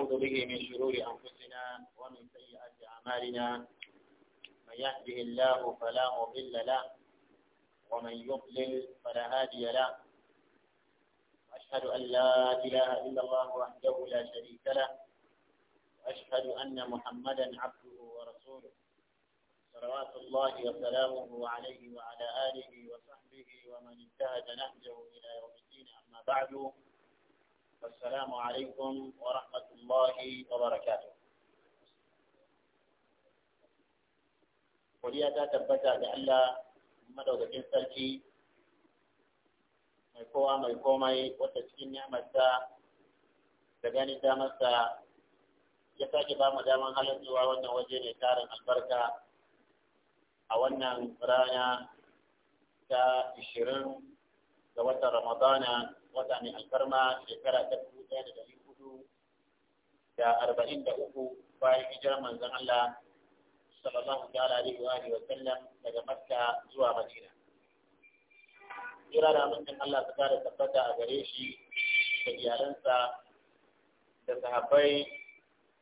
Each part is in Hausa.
نعوذ به من شرور أنفسنا ومن سيئات أعمالنا من يهده الله فلا مضل له ومن يضلل فلا هادي له وأشهد أن لا إله إلا الله وحده لا شريك له وأشهد أن محمدا عبده ورسوله صلوات الله وسلامه عليه وعلى آله وصحبه ومن انتهج نهجه إلى يوم الدين أما بعد السلام عليكم ورحمة الله وبركاته قولي أتا تبتا لألا مدو دكين سلكي ملكوة ملكوة مي وتسكين نعمة تا تغاني داما تا يساكي باما داما هلن دوا وانا وجين يتارن البركة أولنا رانا تا إشرين دوات رمضانا wata mai alfarma shekara ta dubu ɗaya da ɗari hudu da arba'in da uku bayan hijirar manzon Allah sallallahu alaihi wa alihi wa sallam daga Makka zuwa Madina. Kira da mutum Allah ta kare tabbata a gare shi da iyalansa da sahabbai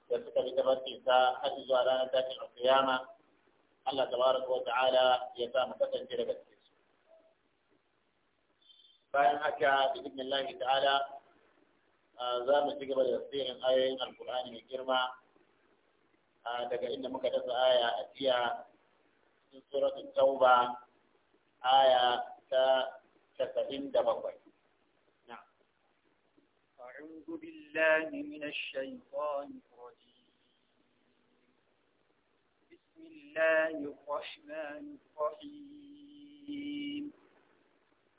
da suka bi tabbatinsa, har zuwa ranar tashin alƙiyama Allah tabaraka wa ta'ala ya sa mu kasance daga bayan haka da ibn Allah ta'ala za mu ci gaba da tafsirin ayoyin alkur'ani mai girma daga inda muka dasa aya a jiya cikin suratul tauba aya ta 97 أعوذ بالله من الشيطان الرجيم بسم الله الرحمن الرحيم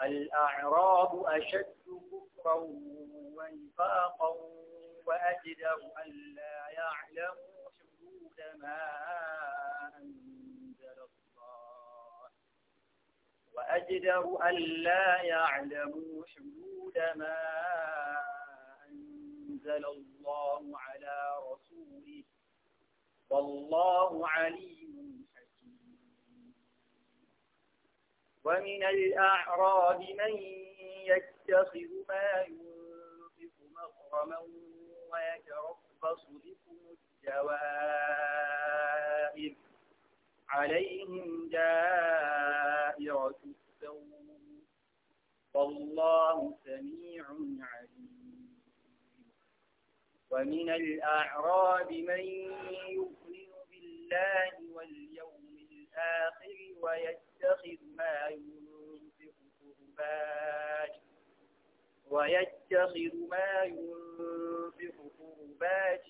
الأعراب أشد كفرا ونفاقا وأجدر أن لا يعلموا حدود ما أنزل الله وأجدر أن لا يعلموا حدود ما أنزل الله على رسوله والله عليم ومن الأعراب من يتخذ ما ينفق مغرما ويتربص بكم الدوائر عليهم دائرة السوء والله سميع عليم ومن الأعراب من يؤمن بالله واليوم الآخر ويتخذ ما ينفق قربات ويتخذ ما ينفق قربات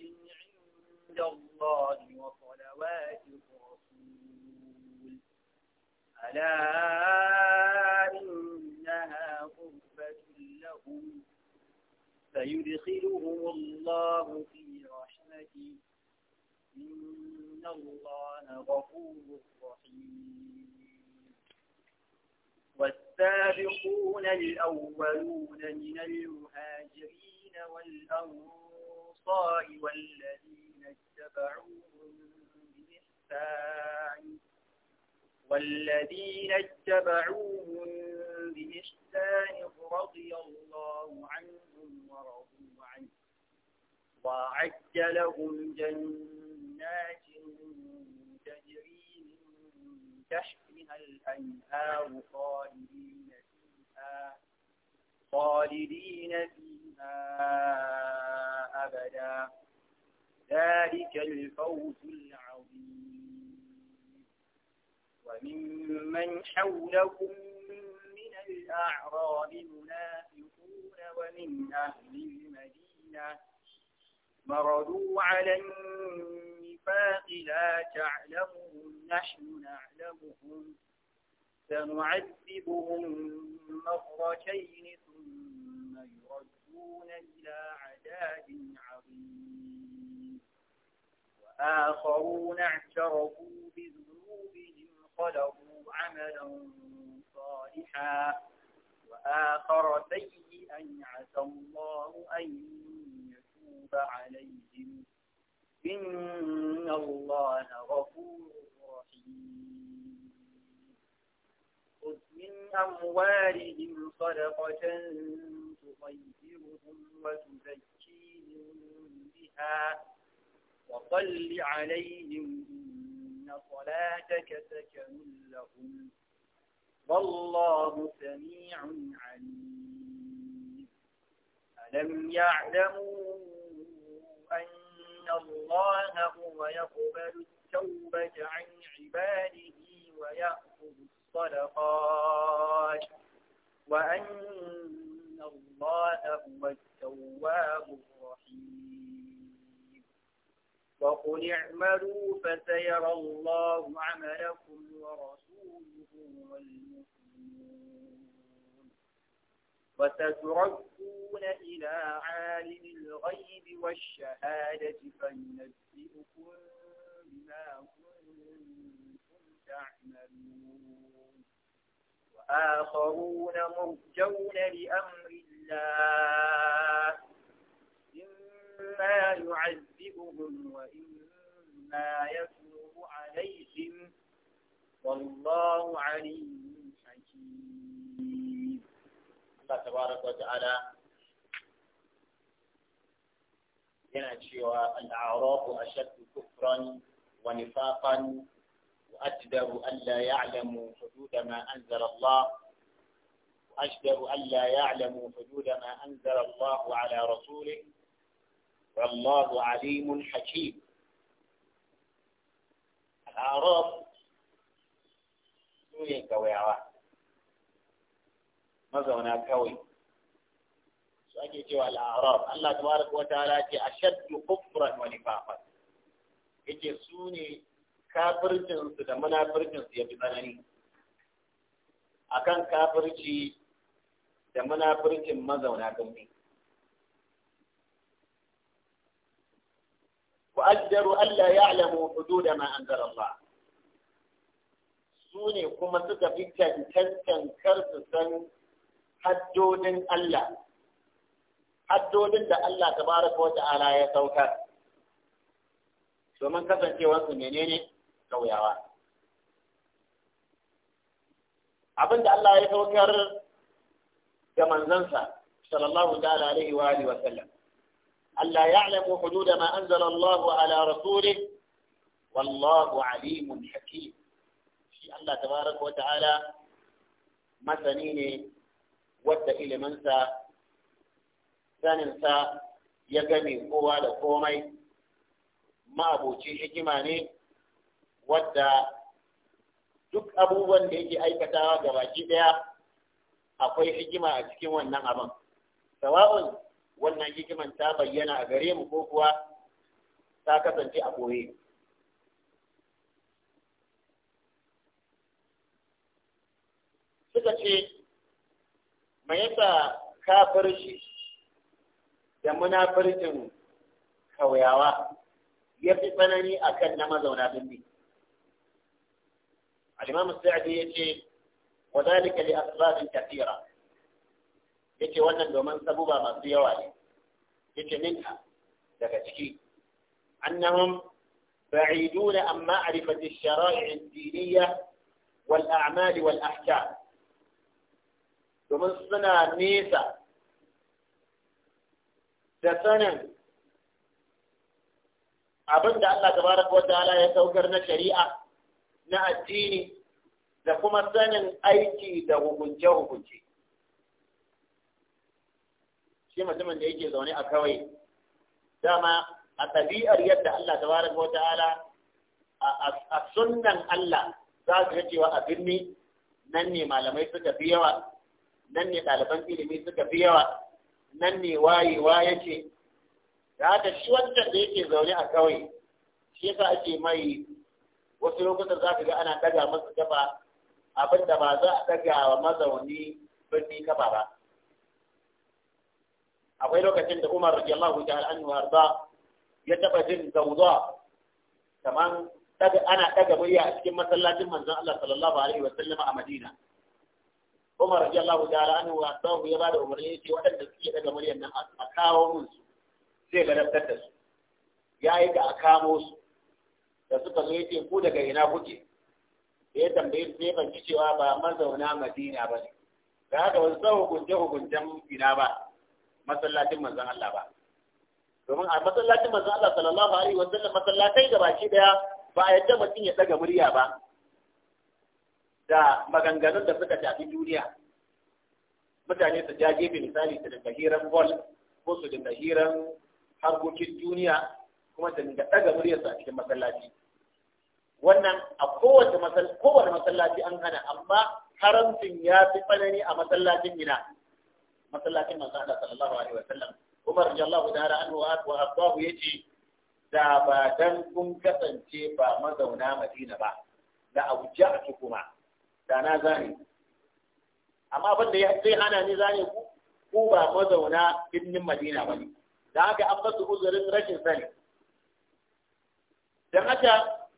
عند الله وصلوات الرسول ألا إنها قربة لهم فيدخلهم الله في رحمته والسابقون الأولون من المهاجرين والأنصار والذين اتبعوهم بإحسان والذين اتبعوهم بإحسان رضي الله عنهم ورضوا عنه وأعد لهم جنات جنات تجري من تحتها الأنهار خالدين فيها خالدين فيها أبدا ذلك الفوز العظيم وممن حولكم من الأعراب منافقون ومن أهل المدينة مرضوا على الأفاق لا تعلمهم نحن نعلمهم سنعذبهم مرتين ثم يردون إلى عذاب عظيم وآخرون اعترفوا بذنوبهم خلقوا عملا صالحا وآخر سيئا عسى الله أن يتوب عليهم إن الله غفور رحيم خذ من أموالهم صدقة تطيرهم وتزكيهم بها وصل عليهم إن صلاتك سكن لهم والله سميع عليم ألم يعلموا إن الله هو يقبل التوبة عن عباده ويأخذ الصدقات وأن الله هو التواب الرحيم وقل اعملوا فسيرى الله عملكم ورسوله والمؤمنين وستردون إلى عالم الغيب والشهادة فينبئكم بما كنتم تعملون وآخرون مرجون لأمر الله إما يعذبهم وإما يتوب عليهم والله عليم الله تبارك وتعالى ينشئ الأعراب أشد كفرا ونفاقا وأجدر ألا يعلم حدود ما أنزل الله وأجدر ألا يعلم حدود ما أنزل الله على رسوله والله عليم حكيم الأعراب شو ينكوي mazauna kawai su ake cewa al'arab Allah tabaraka wa ta'ala ce shaddu kufran wa nifaqan yake su ne kafircin su da munafircin su yafi tsanani akan kafirci da munafircin mazauna gaubi Allah ya alamu حدود ما أنزل الله su ne kuma suka fi cancancan kar su san haddodin Allah haddodin da Allah tabaraka wa ta'ala ya saukar domin kasancewar su menene kauyawa abin da Allah ya saukar ga manzansa sallallahu ta'ala alaihi wa alihi wa sallam Allah ya'lamu hudu da anzala Allah ala rasulih wallahu alimun hakim shi Allah tabaraka wa ta'ala masani ne wadda iliminsa saninsa ya gami kowa da komai ma'aboci hikima ne wadda duk abubuwan da yake aikatawa ga baki daya akwai hikima a cikin wannan abin sawa'un wannan hikiman ta bayyana a gare mu ko kuwa ta kasance a koye suka ce me yasa shi da munafircin kauyawa ya fi tsanani akan na mazauna birni al-imam sa'di yace wa zalika li asbab kathira yace wannan domin sabuba masu yawa ne yace minha daga ciki annahum ba'idun an ma'rifati ash-shara'i ad-diniyya wal a'mal wal ahkam domin suna nesa da sanin abin da Allah baraka wata ala ya saukar na shari'a na addini da kuma sanin aiki da hukunce-hukunce shi mutumin da yake zaune a kawai dama a ɗabi'ar yadda Allah Ta baraka wata ala a sunan Allah za su ga cewa a birni nan ne malamai suka fi yawa nan ne ɗaliban ilimi suka fi yawa nan ne wayewa ce da haka shi wancan da yake zaune a kawai shi yasa ake mai wasu lokutan za ka ga ana daga masa kafa abin da ba za a daga wa mazauni birni kafa ba akwai lokacin da Umar radiyallahu ta'ala anhu arda ya taba jin zawza kamar ana daga murya a cikin masallacin manzon Allah sallallahu alaihi wa sallama a Madina Umar radiyallahu da anhu wa sahu ya bada umarni ce waɗanda suke daga muryar nan a kawo mun su sai ga da su yayi da a kamo su da suka zo yace ku daga ina kuke da ya tambaye su sai ban cewa ba mazauna Madina ba ne da haka wasu sau hukunce hukuncen ina ba masallacin manzon Allah ba domin a masallacin manzon Allah sallallahu alaihi wa sallam masallatai da baki daya ba a yadda mutum ya daga murya ba da maganganun da suka shafi duniya mutane su jage bi misali su dinga hiran bol ko su dinga hiran harkokin duniya kuma su dinga ɗaga muryarsu a cikin masallaci wannan a kowace kowace masallaci an hana amma haramcin ya fi tsanani a masallacin ina masallacin manzo Allah sallallahu alaihi wa sallam Umar radiyallahu ta'ala anhu wa ya yace da ba dan kun kasance ba mazauna Madina ba da auja'tu kuma da na zane amma abin da zai hana ni zane ku ku ba mazauna birnin madina ba ne da haka an basu uzurin rashin sani Da haka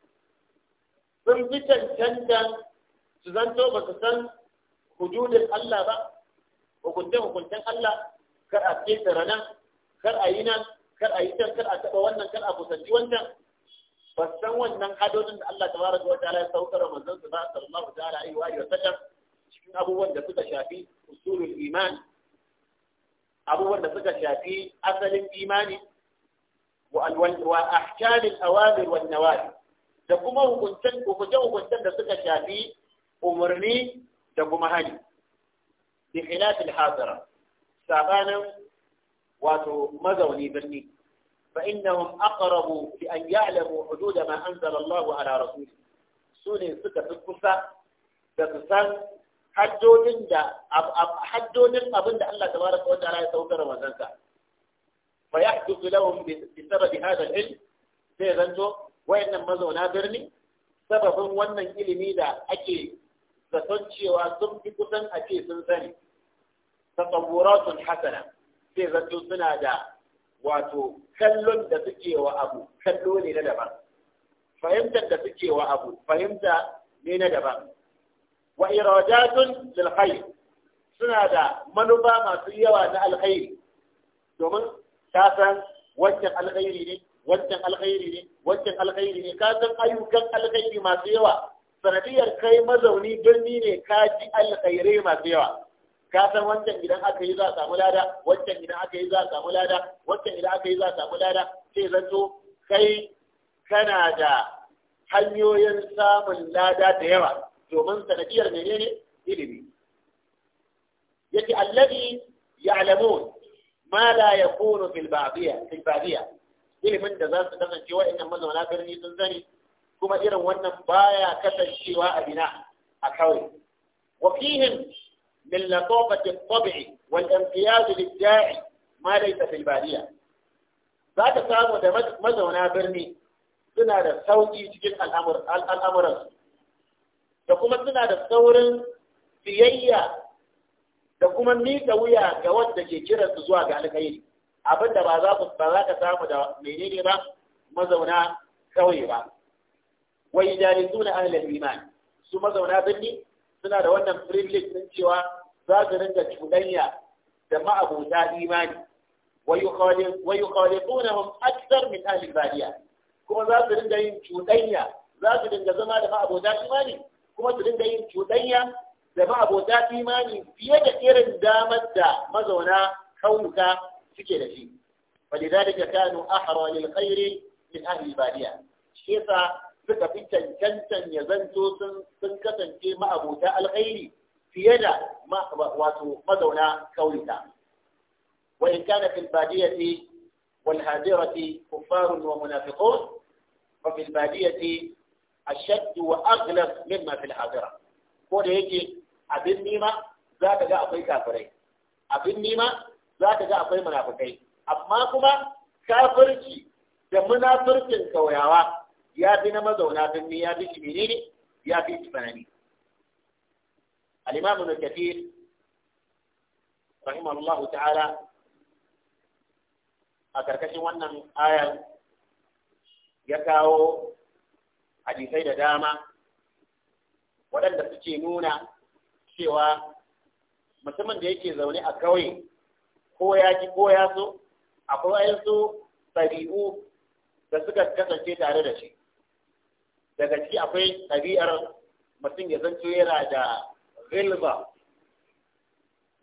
sun fi cancantan su zanto ba su san hududin Allah ba hukunce-hukuncen Allah kar a fesa ranar, kar a yi nan kar a yi can kar a taɓa wannan kar a kusanci wancan ba san wannan hadodin da Allah tabaraka wa ta'ala ya saukar manzon sa sallallahu ta'ala alaihi wa sallam cikin abubuwan da suka shafi usulul iman abubuwan da suka shafi asalin imani wa ahkam al-awamir wan nawahi da kuma hukuncen hukuncen da suka shafi umarni da kuma hali bi khilaf al-hadira sabanan wato mazauni birni فإنهم أقرب لأن يعلموا حدود ما أنزل الله على رسوله سوني سكة الكفة تكسان حدودين دا حدودين أبن الله تبارك وتعالى يتوكر وزنك فيحدث لهم بسبب هذا العلم سيغنجو وإن مزونا برني سبب ونن إلمي دا أكي ستنشي وأسم بكسن أكي سنساني تطورات حسنة سيغنجو سنة دا wato kallon da suke wa abu kallo ne na daban fahimtar da suke wa abu fahimta ne na daban wa iradatun lil khair suna da manufa masu yawa na alkhairi domin ta san wancan alkhairi ne wancan alkhairi ne wancan alkhairi ne ka san ayyukan alkhairi masu yawa sanadiyar kai mazauni birni ne ka ji alkhairai masu yawa ka san wancan idan aka yi za a samu lada wancan idan aka yi za a samu lada wancan idan aka yi za a samu lada sai zato kai kana da hanyoyin samun lada da yawa domin sanadiyar menene ilimi yake allazi ya'lamun ma la yakunu fil ba'diya fil ba'diya ilimin da za su kasance wa'annan mazauna birni sun sani kuma irin wannan baya kasancewa a bina a kawai wa fihim من لطافة الطبع والامتياز للداعي ما ليس في البادية ذات سامو ده مزونا برني suna da sauƙi cikin al'amuransu da kuma suna da saurin siyayya da kuma miƙa wuya ga wanda ke kiransu zuwa ga alkhairi abinda ba za ku samu da menene ba mazauna kauye ba wai jari suna ahlul iman su mazauna birni suna da wannan privilege din cewa فاجر عند جبنيا دماء أبو إيمان ويخالطونهم أكثر من أهل البادية كما فاجر عند جبنيا فاجر عند زماء دماء أبو تاليمان كما فاجر عند جبنيا دماء أبو تاليمان في يد كير دامة دا مزونا حولك فكرة فيه ولذلك كانوا أحرى للخير من أهل البادية شيخة suka fi cancantan ya zanto sun sun kasance ma'abuta alkhairi fiye da wato mazauna kauyuka wa in kana fil badiyati wal hadirati kuffarun wa munafiqun fa fil badiyati ashadd wa aghlab mimma fil hadira ko da yake abin nima za ka ga akwai kafirai abin nima za ka ga akwai munafikai amma kuma kafirci da munafircin kauyawa ya fi na mazauna birni ya fi shi menene ya fi shi tsanani الإمام ابن كثير ta'ala a تعالى wannan ونن ya kawo hadisai da dama waɗanda suke nuna cewa mutumin da yake zaune a kauye ko ya ji ko ya so akwai wayansu ɗabi'u da suka kasance tare da shi daga ciki akwai ɗabi'ar mutum ya zanto yana da ilba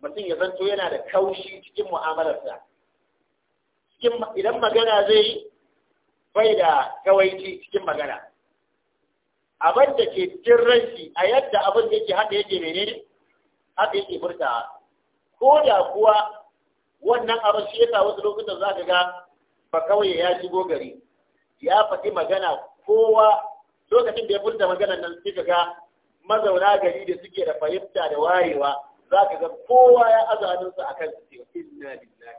mutum ya zanto yana da kaushi cikin mu'amalarsa idan magana zai bai da kawaici cikin magana abin da ke cikin ranci a yadda abin da yake haka yake menene haka yake furta ko da kuwa wannan abin shi yasa wasu lokutan za ka ga ba kawai ya shigo gari ya faɗi magana kowa lokacin da ya furta maganar nan sai ka ga mazauna gari da suke da fahimta da wayewa za ka ga kowa ya azaninsa a kan cewa inna lillahi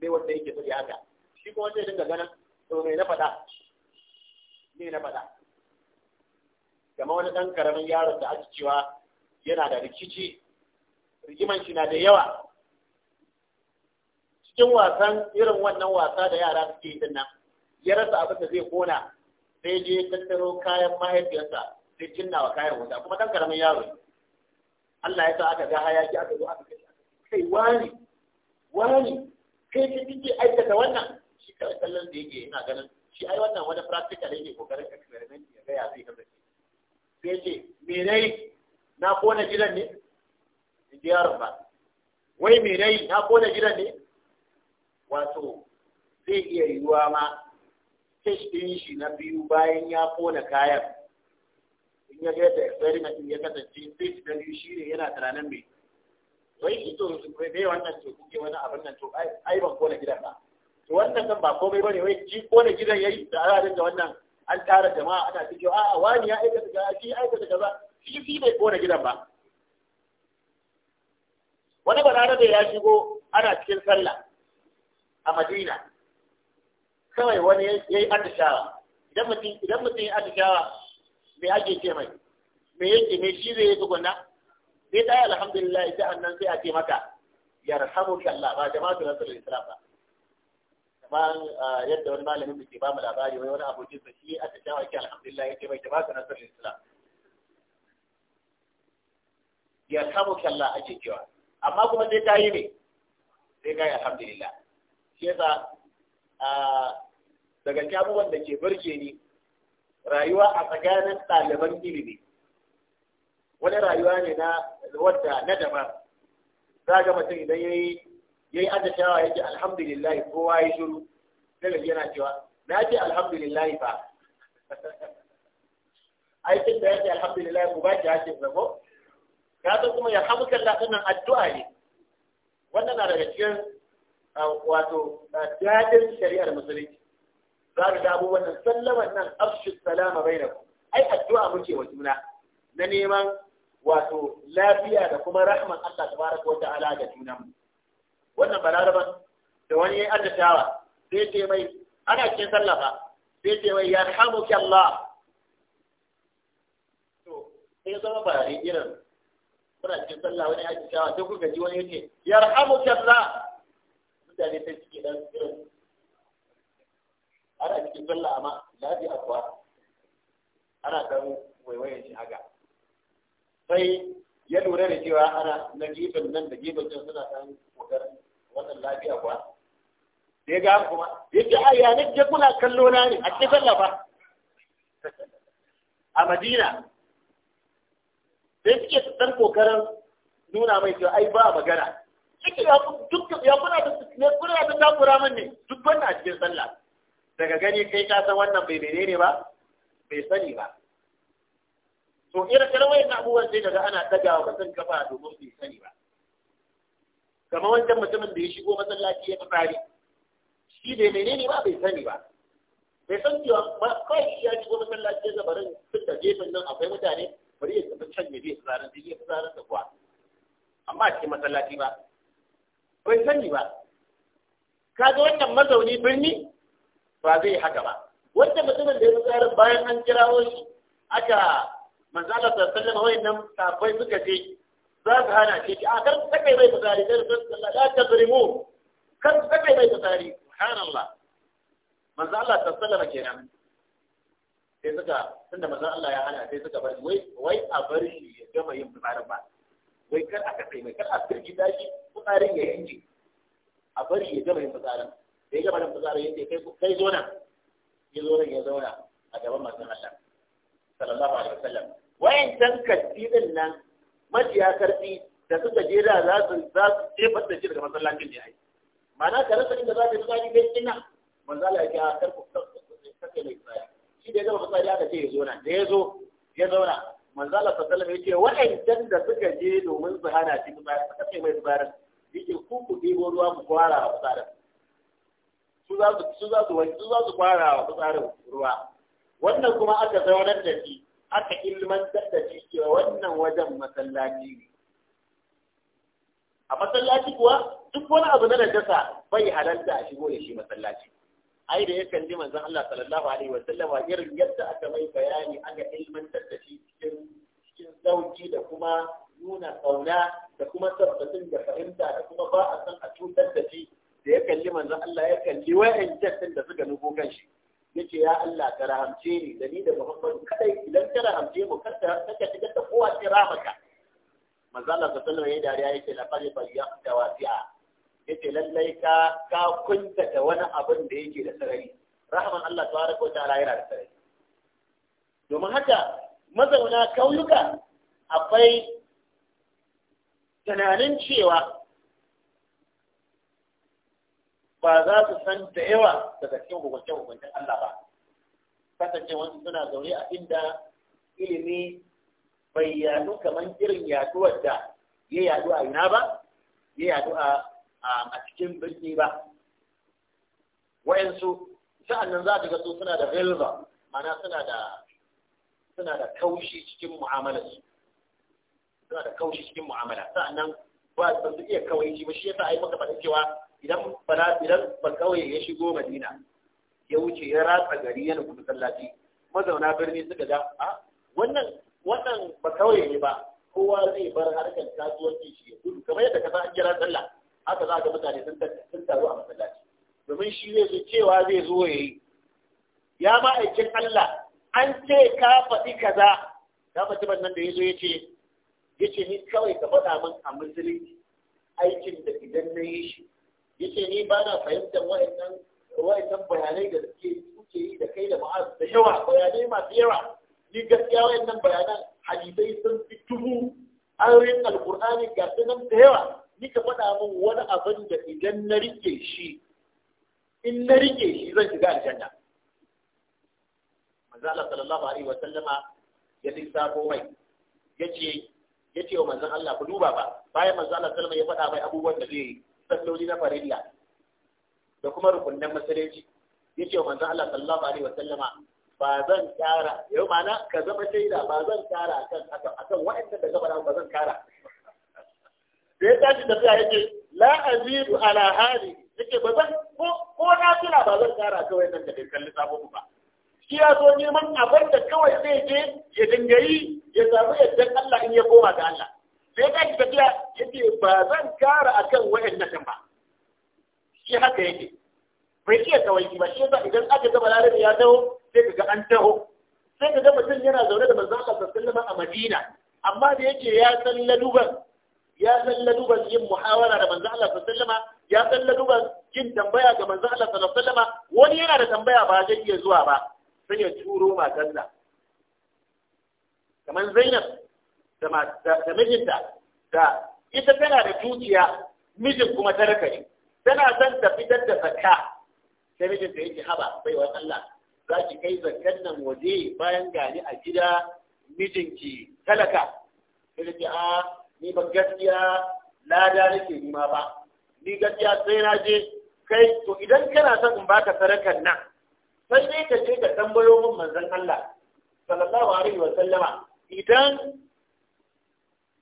ne wanda yake faɗi haka shi kuma wanda ya dinga ganin to me na faɗa me na faɗa kama wani ɗan karamin yaron da ake cewa yana da rikici rigiman shi na da yawa cikin wasan irin wannan wasa da yara suke yi nan ya rasa abin da zai kona sai je tattaro kayan mahaifiyarsa sai cinna wa kayan wuta kuma dan karamin yaro Allah ya sa aka ga hayaki aka zo aka kai kai wani wani kai ka kike aikata wannan shi kawai sallan da yake ina ganin shi ai wannan wani practical yake kokarin experiment ya ga ya ka kasance sai ce me nayi na kona gidan ne ji arba wai me nayi na kona gidan ne wato zai iya yiwuwa ma kish shi na biyu bayan ya kona kayan in ya ga da experiment ya kasance stage na biyu shi ne yana tunanin me wai ito bai wannan to kuke wani abin nan to ai ban kona gidan ba to wannan kan ba komai bane wai ji kona gidan yayi da ana da wannan an tara jama'a ana cikin a'a wani ya aika daga shi aikata kaza shi shi bai kona gidan ba wani barara da ya shigo ana cikin sallah a madina kawai wani ya yi atishawa idan mutum idan mutum ya atishawa me ake ce mai me yake me shi zai yi tukunna sai ta yi alhamdulillah sai annan sai a ce maka yarhamuka Allah ba jama'atu nasrul islam ba kamar ah, yadda wani malamin da ke ba mu labari wai wani abokin sa shi aka shawo yake alhamdulillah yake bai jama'atu nasrul islam yarhamuka Allah ake cewa amma kuma sai ta yi ne sai ga alhamdulillah shi yasa ah, daga abubuwan da ke burge ni rayuwa a tsakanin ɗaliban ilimi wani rayuwa ne na wadda na dama. za ga mutum idan ya yi addashawa ya ce alhamdulillah kowa ya shiru daga yana cewa na ce alhamdulillahi ba aikin da ya ce alhamdulillahi ku ba ki hakin zabo ka san kuma ya hamukan lafinan addu'a ne wannan na daga cikin ah, wato ah, dadin shari'ar musulunci za ka ga abubuwan nan sallaman nan afshu salama bainakum ai addu'a muke wa juna na neman wato lafiya da kuma rahman Allah tabaraka wa ta'ala ga juna mu wannan balaraban da wani yayin addatawa sai ce mai ana cikin sallah fa sai ce mai yarhamuki Allah to sai zama ba irin kuna cikin sallah wani addatawa sai kuka ji wani yace yarhamuki Allah mutane sai suke dan irin ana cikin sallah amma lafiya akwa ana dan waiwayen shi haka sai ya lura da cewa ana na gefen nan da gefen can suna dan kokar wannan lafiya kuwa da ya ga kuma ya ce a yanar da kuna kallo na ne a cikin sallah ba a madina sai suke tsar kokarin nuna mai cewa ai ba magana duk ya kula da kuna da takura min ne duk wannan a cikin sallah daga gani kai ka san wannan bai menene ba bai sani ba to irin na abubuwan sai daga ana daga wa mutum kafa domin bai sani ba kamar wancan mutumin da ya shigo masallaci ya fitsari shi bai menene ba bai sani ba bai san cewa ba kai ya shigo masallaci ya zabarin duk da gefen nan akwai mutane bari ya tafi can ya je fitsarin da ya fitsarin da kuwa amma a cikin masallaci ba bai sani ba kaga wannan mazauni birni ba zai haka ba wanda mutumin da ya tsayar bayan an kirawo shi aka manzala sallama wai nan sabai suka je za su hana ki a kar ta kai mai tsari da sallallahu la tazrimu kar ta kai mai tsari subhanallah manzo Allah sallama kenan sai suka tunda manzo Allah ya hana sai suka bari wai wai a bar shi ya gama yin fitsarin ba wai kar aka kai mai kar a firgita shi fitsarin ya yanke a bar shi ya gama yin fitsarin da ya gaba da fitsari ya ce kai zo nan ya zo nan ya zauna a gaban masu Allah sallallahu alaihi wasallam wayan can kasidin nan majiya karfi da suka je da za su za su jefa da shi daga masallacin ne ai ma'ana ka rasa inda za ka fitsari kai kina manzo Allah ya ce ah, kar ku kake mai tsaya shi da ya gaba fitsari aka ce ya zo nan da ya zo ya zauna manzo Allah sallallahu alaihi wasallam ya ce wayan da suka je domin su hana shi fitsari suka ce mai fitsari yake ku ku ɗebo ruwa ku kwara a fitsarin su za su fara wa tsarin ruwa wannan kuma aka zaunar da shi aka ilmantar da shi cewa wannan wajen masallaci ne a masallaci kuwa duk wani abu na najasa bai halarta a shigo da shi masallaci ai da yakan ji manzon Allah sallallahu alaihi wa sallam irin yadda aka mai bayani aka ilmantar da shi cikin cikin sauki da kuma nuna kauna da kuma tabbatin da fahimta da kuma ba a san a cutar da shi da ya kalli manzon Allah ya kalli wayan din da suka nufo kan shi yace ya Allah ka rahamce ni da ni da Muhammadu kadai idan ka rahamce mu kada ka shigar da kowa sai rahamaka manzon Allah sallallahu alaihi wasallam ya la fari fa ya bayyana wasi'a yace lallai ka ka kunta da wani abin da yake da sarari rahman Allah tabaraka wa ta'ala yana da sarari domin haka mazauna kauyuka akwai tunanin cewa ba za su san da yawa daga cikin hukunce-hukuncen Allah ba wasu suna zaune a inda ilimi bai yadu kamar irin yaduwar da ya yadu a ina ba ya yadu a cikin birni ba wa'yansu nan za a ga su suna da velva mana suna da suna da kaushi cikin mu'amalarsu suna da kaushi cikin mu'amala sa'annan ba su iya kawai shi ba shi yasa ai maka fada cewa idan bana idan ba kawai ya shigo madina ya wuce ya ratsa gari ya nufi masallaci mazauna birni suka ga a ah, wannan wannan ba kawai ne ba kowa zai bar harkar kasuwanci shi ya gudu kamar yadda ka an kira sallah haka za ka mutane sun taru a masallaci domin shi zai zo cewa zai zo ya yi ya ma'aikin Allah an ce ka faɗi kaza ka faɗi nan da ya zo ya ce ya ce ni kawai ka faɗa min a musulunci aikin da idan na yi shi yace ni ba na fahimtar wa'annan wa'annan bayanai da suke suke yi da kai da ma'az da yawa bayanai masu yawa ni gaskiya wa'annan bayanan hadisai sun fi tuhu rin alqur'ani ga su nan da yawa ni ka faɗa min wani abin da idan na rike shi in na rike shi zan shiga aljanna manzo Allah sallallahu alaihi wa sallama ya lissafo mai yace yace wa manzon Allah ku duba ba bayan manzo Allah sallallahu alaihi wa sallama ya faɗa mai abubuwan da zai yi salloli na farilla da kuma rukunnan masallaci yace manzon Allah sallallahu alaihi wasallama ba zan kara yau mana ka zama shaida ba zan kara akan haka akan da gaba ba zan kara da ya tashi tafiya yake la azidu ala hali yake ba zan ko na tuna ba zan kara kawai nan da bai kalli sabon ba shi ya zo neman abin da kawai zai je ya dinga yi ya samu yadda Allah in ya koma ga Allah Sai ka tafiya tafiya ce ba zan kara akan wayannan ba shi haka yake bai iya tawaiki ba shi yasa idan aka zama balarabe ya taho sai kaga an taho sai kaga mutum yana zaune da manzon Allah sallallahu a Madina amma da yake ya san laduban ya san laluban yin muhawara da manzon Allah sallallahu ya san laduban yin tambaya ga manzon Allah sallallahu wani yana da tambaya ba zai iya zuwa ba sai ya turo matarsa kamar Zainab da mijinta da ita tana da dukiya mijin kuma tarka ne tana son ta fitar da zakka sai mijinta yake haba baiwa Allah za ki kai zakkan nan waje bayan gani a gida mijinki talaka sai ki a ni ba gaskiya lada nake nima ba ni gaskiya sai na je kai to idan kana son in baka sarakan nan sai ka je ka tambayo min manzon Allah sallallahu alaihi wa sallama idan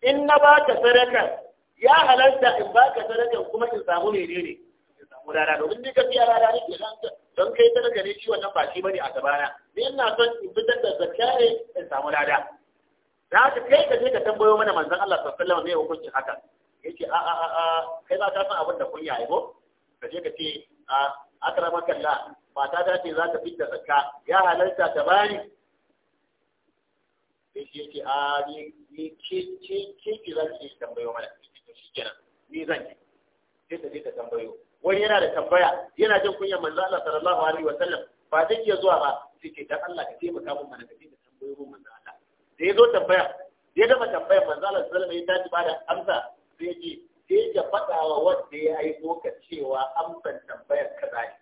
in na ba ka sadaka ya halarta in ba ka sadaka kuma in samu menene in samu rana domin ni ka fiya rana ne ke don kai sadaka ne shi wannan ba shi bane a gabana ni ina son in fitar da zakka ne in samu rana da ka kai ka je ka tambayo mana manzon Allah sallallahu alaihi wasallam ne hukuncin haka yace a a a kai ba ka san abin da kunya yi ko ka je ka ce a akramaka Allah mata ta ce za ta fitar zakka ya halarta ta bani sai shi yake a ah, ni ni ke ke ke ki za ki tambayo mana to shi kenan ni zan ki sai ta je ta tambayo wani yana da tambaya yana jin kunyar manzo Allah sallallahu alaihi wasallam ba zai iya zuwa ba sai ke dan Allah ka taimaka mun mana ka taimaka tambayo mun manzo Allah da ya zo tambaya ya gama tambayar manzo Allah sallallahu alaihi wasallam ya tashi ba da amsa sai ya ce sai ya faɗa wa wanda ya aiko ka cewa amsan tambayar kaza ne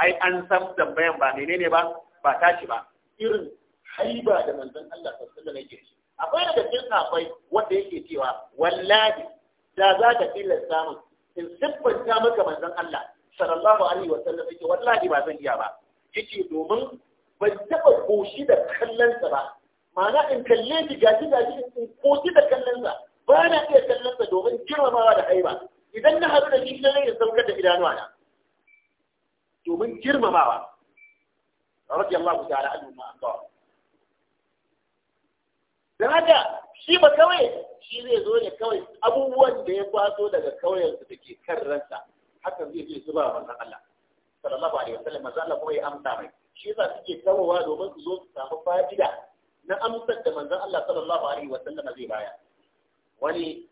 ai an san tambayan ba menene ba ba tashi ba irin haiba da manzon Allah sallallahu alaihi wasallam yake akwai da cikin sahabbai wanda yake cewa wallahi da za ka tilla samu in siffanta maka manzon Allah sallallahu alaihi wasallam yake wallahi ba zan iya ba yake domin ban taɓa koshi da kallonsa ba ma'ana in kalle shi gashi gashi in koshi da kallonsa ba na iya kallonsa domin girmamawa da haiba idan na haɗu da shi na ya saukar da idanuwa na domin girmamawa radiyallahu ta'ala anhu ma'an don haka shi ba kawai shi zai zo ne kawai abubuwan da ya kwaso daga kauyensu da ke kan ransa hakan zai zai zuba wa Allah sallallahu alaihi wasallam maza Allah kuma ya amsa mai shi yasa suke kawowa domin su zo su samu fa'ida na amsar da manzon Allah sallallahu alaihi wasallam zai baya wani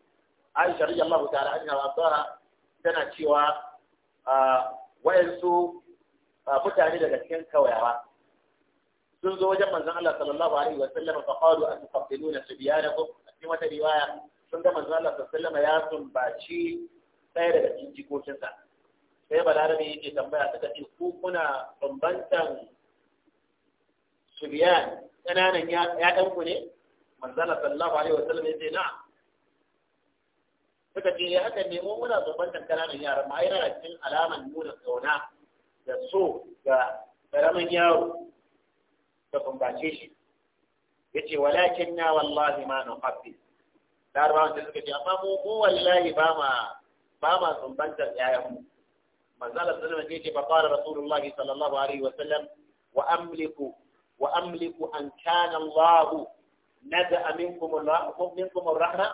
Aisha radiyallahu ta'ala anha wa tsara tana cewa ah, wayansu ah, mutane daga cikin kawayawa sun zo wajen manzon Allah sallallahu alaihi wa sallam fa qalu an tufaddiluna subyanakum cikin wata riwaya sun ga manzon Allah sallallahu alaihi wa sallam ya sumbaci ɗaya daga cikin jikokinsa sai balarabe yake tambaya ta ce ku kuna bambantan subyan ƙananan ya'yan ku ne manzon Allah sallallahu alaihi wa sallam ya ce na'am suka ce ya haka nemo muna bambantan ƙananan yaran ma yana cikin alaman nuna kauna da so ga ƙaramin yaro ta kumbace shi yace walakin na wallahi ma na nuqabbi larabawan da suka ce amma mu mu wallahi ba ma ba ma sumbantar ƴaƴan mu manzala sallallahu alaihi ba fara rasulullahi sallallahu alaihi wasallam wa amliku wa amliku an kana Allah Na minkum Allah minkum rahma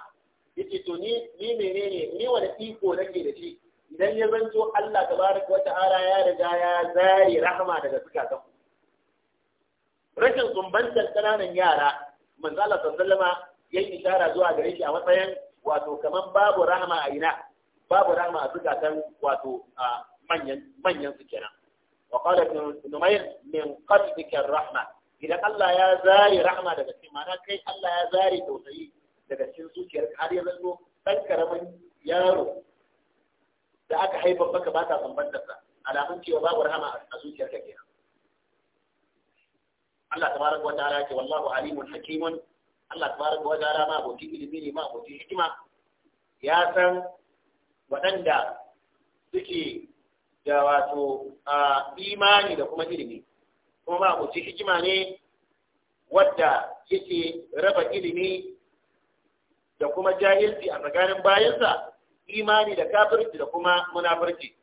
yace to ni ni menene ni wani iko nake da shi idan ya zanto Allah ta tabaraka wata ta'ala ya riga ya zari rahma daga zukatan rashin zumbantar ƙananan yara manzala Allah ya yayi isara zuwa gare shi a matsayin wato kaman babu rahama a ina babu rahama a zukatan wato manyan manyan su kenan wa qala numayr min qadbika rahma idan Allah ya zari rahama daga cikin mana kai Allah ya zari tausayi daga cikin zuciyar har ya zanto dan karamin yaro da aka haifa baka ba ta sa alamun cewa babu rahama a zuciyarka kenan Allah tabaraka wa ta'ala ce wallahu alimun hakimun Allah tabaraka wa ta'ala ma boti ilimi ne ma boti hikima ya san waɗanda suke da wato a imani da kuma ilimi kuma ma boti hikima ne wadda yake raba ilimi da kuma jahilci a tsakanin bayansa imani da kafirci da kuma munafirci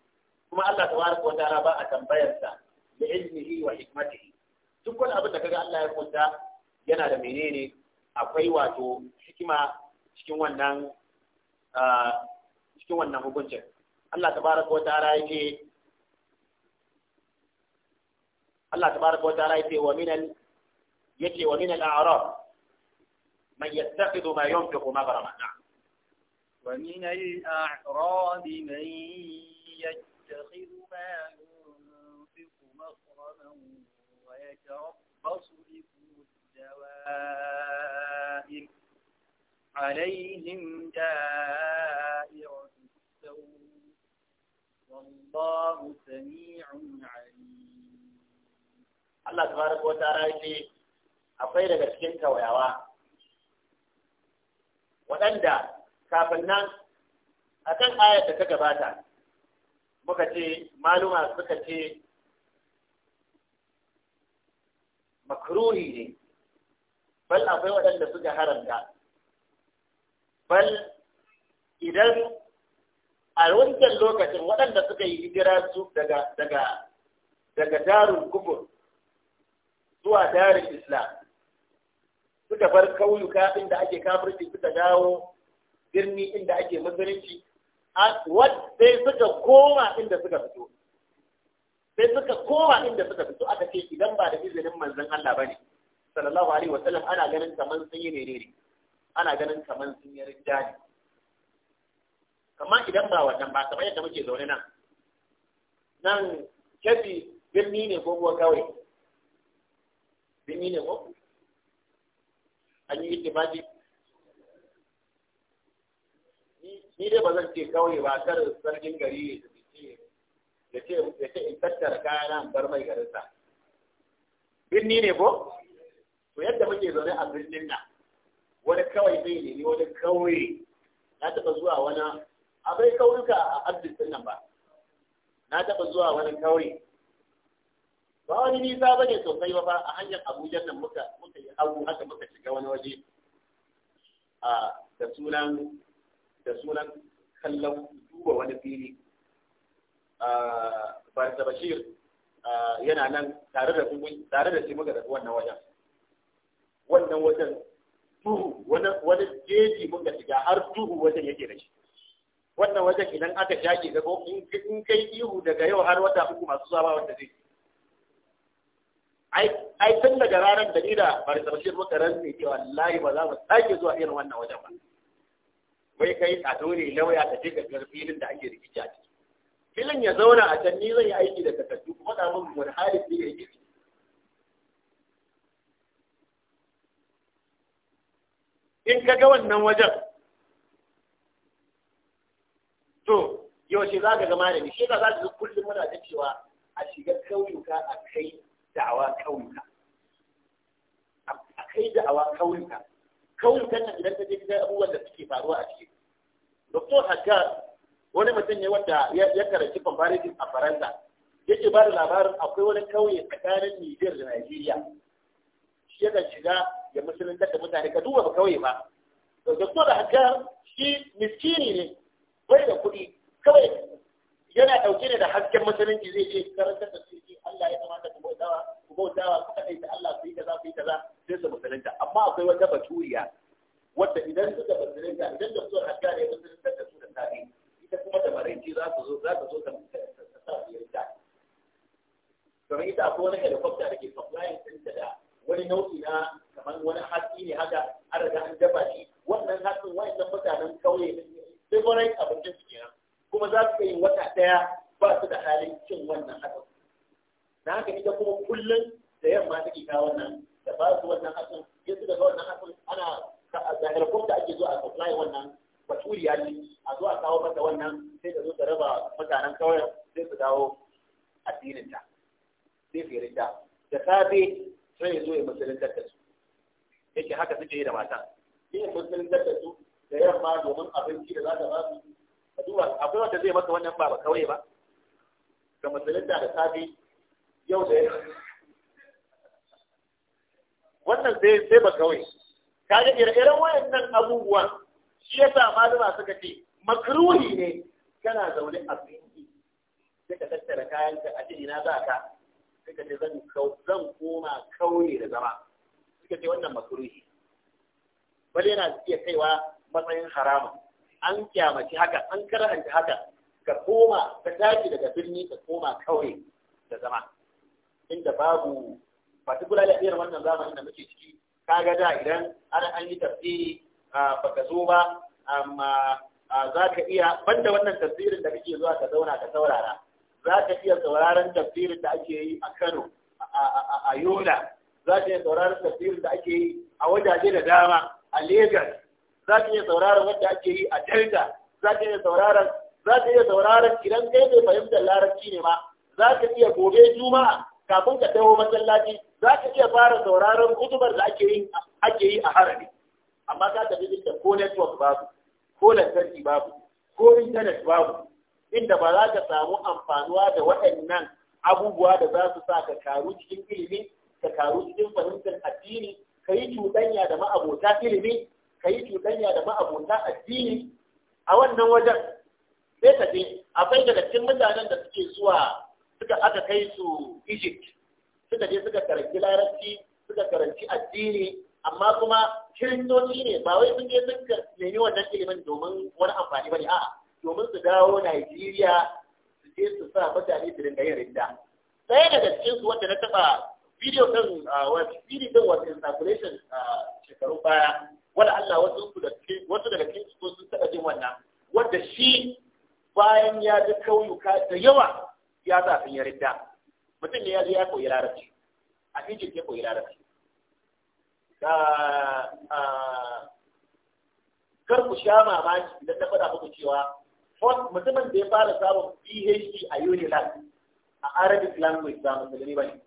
kuma Allah tabaraka wa ta'ala ba a tambayarsa da ilmihi wa hikmatihi duk wani abin da kaga Allah ya kunta yana da menene akwai wato hikima cikin wannan cikin wannan hukuncin Allah tabaraka wa ta'ala yake Allah tabaraka wa ta'ala yake wa minal yake wa minal a'rab man yattakhidhu ma yunfiqu maghraman na'am ومن الأعراب يتربص بكم الدوائر عليهم دائرة السوء والله سميع عليم الله تبارك وتعالى akwai daga cikin tawayawa waɗanda kafin nan a kan ayar da ta gabata muka ce maluma suka ce makruhi ne bal akwai waɗanda suka haramta bal idan a wancan lokacin waɗanda suka yi hijira su daga daga daga darul kufur zuwa darul islam suka bar kauyuka inda ake kafirci suka dawo birni inda ake musulunci sai suka koma inda suka fito sai suka kowa inda suka fito aka ce idan ba da izinin manzon Allah ba ne, sallallahu alaihi wa sallam ana ganin kaman sun yi menene ana ganin kaman sun yi ne. kamar idan ba wannan ba kamar yadda muke zaune nan nan kefi birni ne ko kuwa kawai birni ne ko an yi ittifaqi ni dai ba zan ce kawai ba kar sarkin gari ne. ya ce ya ce in tattara kayana in bar mai garinsa birni ne ko to yadda muke zaune a birnin nan wani kawai zai nemi wani kauye na taɓa zuwa wani abai kauyuka a arzikin nan ba na taɓa zuwa wani kauye ba wani nisa ba ne sosai ba a hanyar abuja nan muka muka yi abu haka muka shiga wani waje a ah, da sunan da sunan kallon duba wani fili Barista Bashir yana nan tare da tare da shi muka da wannan wajen wannan wajen duhu wani jeji muka shiga har duhu wajen yake da shi wannan wajen idan aka shaƙi da in kai ihu daga yau har wata uku masu zuwa wanda zai ai tun daga ranar da ni da Barista Bashir muka rantsi cewa wallahi ba za mu sake zuwa irin wannan wajen ba wai kai a dole lauya ta je ga filin da ake rikici a ciki filin ya zauna a can ni zan yi aiki da takardu kuma da mun wani hali ne yake ciki in ka ga wannan wajen to shi za ka ga malami shi ka za ka ga kullum muna da cewa a shiga kauyuka a kai da'awa kauyuka a kai da'awa kauyuka kauyukan nan idan ka je gidan abubuwan da suke faruwa a ciki doktor hajjar wani mutum ne wanda ya karanci comparison a faransa yake ba da labarin akwai wani kauye tsakanin niger da nigeria shi yakan shiga ya musulun da mutane ka duba ba kauye ba to doktor hakkar shi miskini ne bai da kuɗi kawai yana ɗauke ne da hasken musulunci zai je karantar da su eh, Allah ya kamata ku bautawa ku bautawa ku kaɗai da Allah ku yi kaza ku yi kaza sai su musulunta amma akwai wata baturiya wadda idan suka musulunta idan da suka hakkar ya musulunta da su da safe ita kuma da maraice za ka zo za ka zo ka sa biyar ta domin ita akwai wani helicopter da ke compliance ɗinta da wani nau'i na kamar wani hatsi ne haka an riga an dafa shi wannan hatsin wa'annan mutanen kauye ne sai kwarai abincin su kenan kuma za su yi wata ɗaya ba su da halin cin wannan hatsin na haka ita kuma kullum da yamma take kawo wannan da ba su wannan hatsin yanzu daga wannan hatsin ana da helicopter ake zuwa a supply wannan baturiya ne a zo a kawo mata wannan sai ta zo ta raba mutanen kawai sai su dawo addininta sai su yarda da safe sai ya zo ya musulunta da su yake haka suke yi da mata yin musulunta da su da yamma domin abinci da za ta ba su a duba akwai wanda zai masa wannan ba kawai ba ga musulunta da safe yau da yau wannan sai sai ba kawai kaga ire-iren wayannan abubuwan shi yasa malama suka ce makruhi ne kana zaune a fili sai ka tattara kayan ka a ce ina za ka sai ka ce zan zan koma kauye da zama ka ce wannan makruhi bal yana iya kaiwa matsayin haramun an kyamaci haka an karanta haka ka koma ka tashi daga birni ka koma kauye da zama inda babu particular a wannan zamanin da muke ciki kaga da idan ana an yi tafsiri ah, baka zo ba amma za ka iya banda wannan tafsirin da kake zuwa ka zauna ka saurara za ka iya sauraron tafsirin da ake yi a Kano a Yola za ka iya sauraron tafsirin da ake yi a wajaje da dama a Lagos za ka iya sauraron wanda ake yi a Delta za ka iya sauraron za ka iya sauraron idan kai mai fahimtar larabci ne ma za ka iya gobe juma'a kafin ka dawo masallaci za ka iya fara sauraron kutubar da ake yi a harami amma ka tafi duk da ko network babu ko lantarki babu ko intanet babu inda ba za ka samu amfanuwa da waɗannan abubuwa da za su sa ka karu cikin ilimi ka karu cikin fahimtar addini ka yi cuɗanya da ma'abota ilimi ka yi cuɗanya da ma'abota addini a wannan wajen sai ka je akwai daga cikin mutanen da suke zuwa suka aka kai su Egypt suka je suka karanci larabci suka karanci addini amma kuma kiristoci ne ba wai sun je sun nemi wannan ilimin domin wani amfani ba ne a'a domin su dawo Najeriya su je su sa mutane su dinga yin rinda ɗaya daga cikin su wanda na taɓa bidiyo kan bidiyo kan wasu installation shekaru baya wanda Allah wasu su da wasu daga cikin su sun taɓa jin wannan wanda shi bayan ya ji kauyuka da yawa ya zafin ya rinda mutum ne ya je ya koyi larabci a Egypt ya koyi larabci Ah, ah, kar ku sha mamaki idan na faɗa muku cewa mutumin da ya fara samun PhD a Unilag a Arabic language ba musulmi ba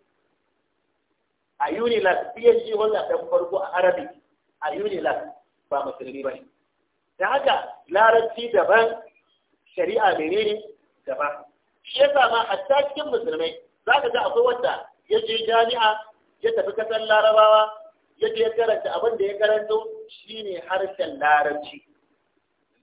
A Unilag PhD wanda ɗan farko a Arabic a Unilag ba musulmi ba Da haka larabci daban shari'a menene daban. Shi ya ma a cikin musulmai za ka ga akwai wanda ya je jami'a ya tafi kasar larabawa yadda ya karanta abin da ya karanto shine harshen larabci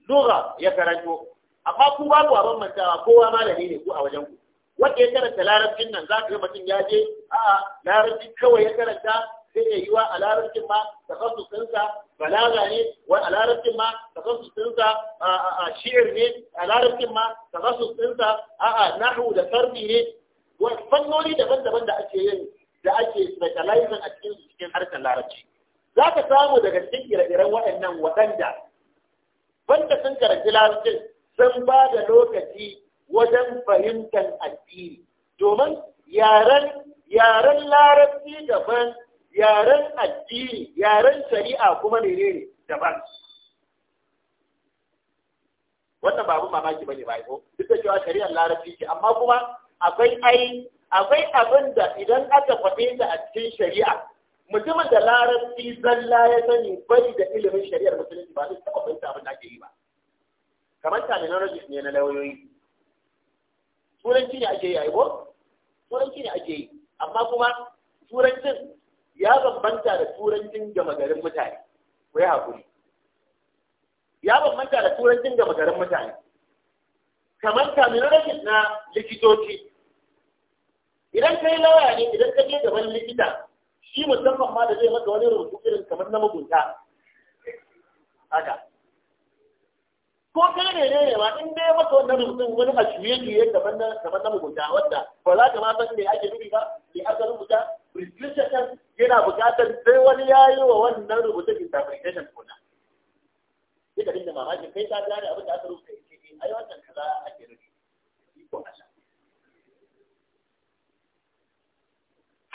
lugha ya karanto amma ku ba ku abin mantawa kowa malami ne ku a wajen ku wanda ya karanta larabcin nan za ka ga mutum ya je a larabci kawai ya karanta sai ya yi wa a larabcin ma takasusinsa balaga ne wa a larabcin ma takasusinsa a shi'ir ne a larabcin ma takasusinsa a a nahu da sarfi ne fannoni daban-daban da ake yin da ake specializing a cikin cikin harkar larabci za ka samu daga cikin ire-iren waɗannan waɗanda banda sun karanci larabcin sun ba da lokaci wajen fahimtar addini domin yaren yaren larabci daban yaren addini yaren shari'a kuma ne daban wannan babu mamaki mamaki bane ba ko duk da cewa shari'ar larabci ce amma kuma akwai ai akwai abin da idan aka faɗe da a cikin shari'a mutumin da larabci zalla ya sani bai da ilimin shari'ar musulunci ba zai taɓa fahimta abin da ake yi ba kamar rajis ne na lauyoyi turanci ne ake yi ko turanci ne ake yi amma kuma turancin ya bambanta da turancin gama garin mutane ku yi haƙuri ya bambanta da turancin gama garin mutane kamar terminologist na likitoci idan ka yi lawaya ne idan ka je gaban likita shi musamman ma da zai maka wani rubutu irin kamar na mugunta haka ko kai ne ne ma in dai maka wannan rubutun wani a shuye-shuye kamar na kamar na mugunta wanda ba za ka ma san me ake nufi ba me aka rubuta prescription yana buƙatar sai wani ya yi wa wannan rubutun interpretation kuna sai din da mamakin kai ta gane abin da aka rubuta yake eh, ai wannan kaza ake nufi ko Allah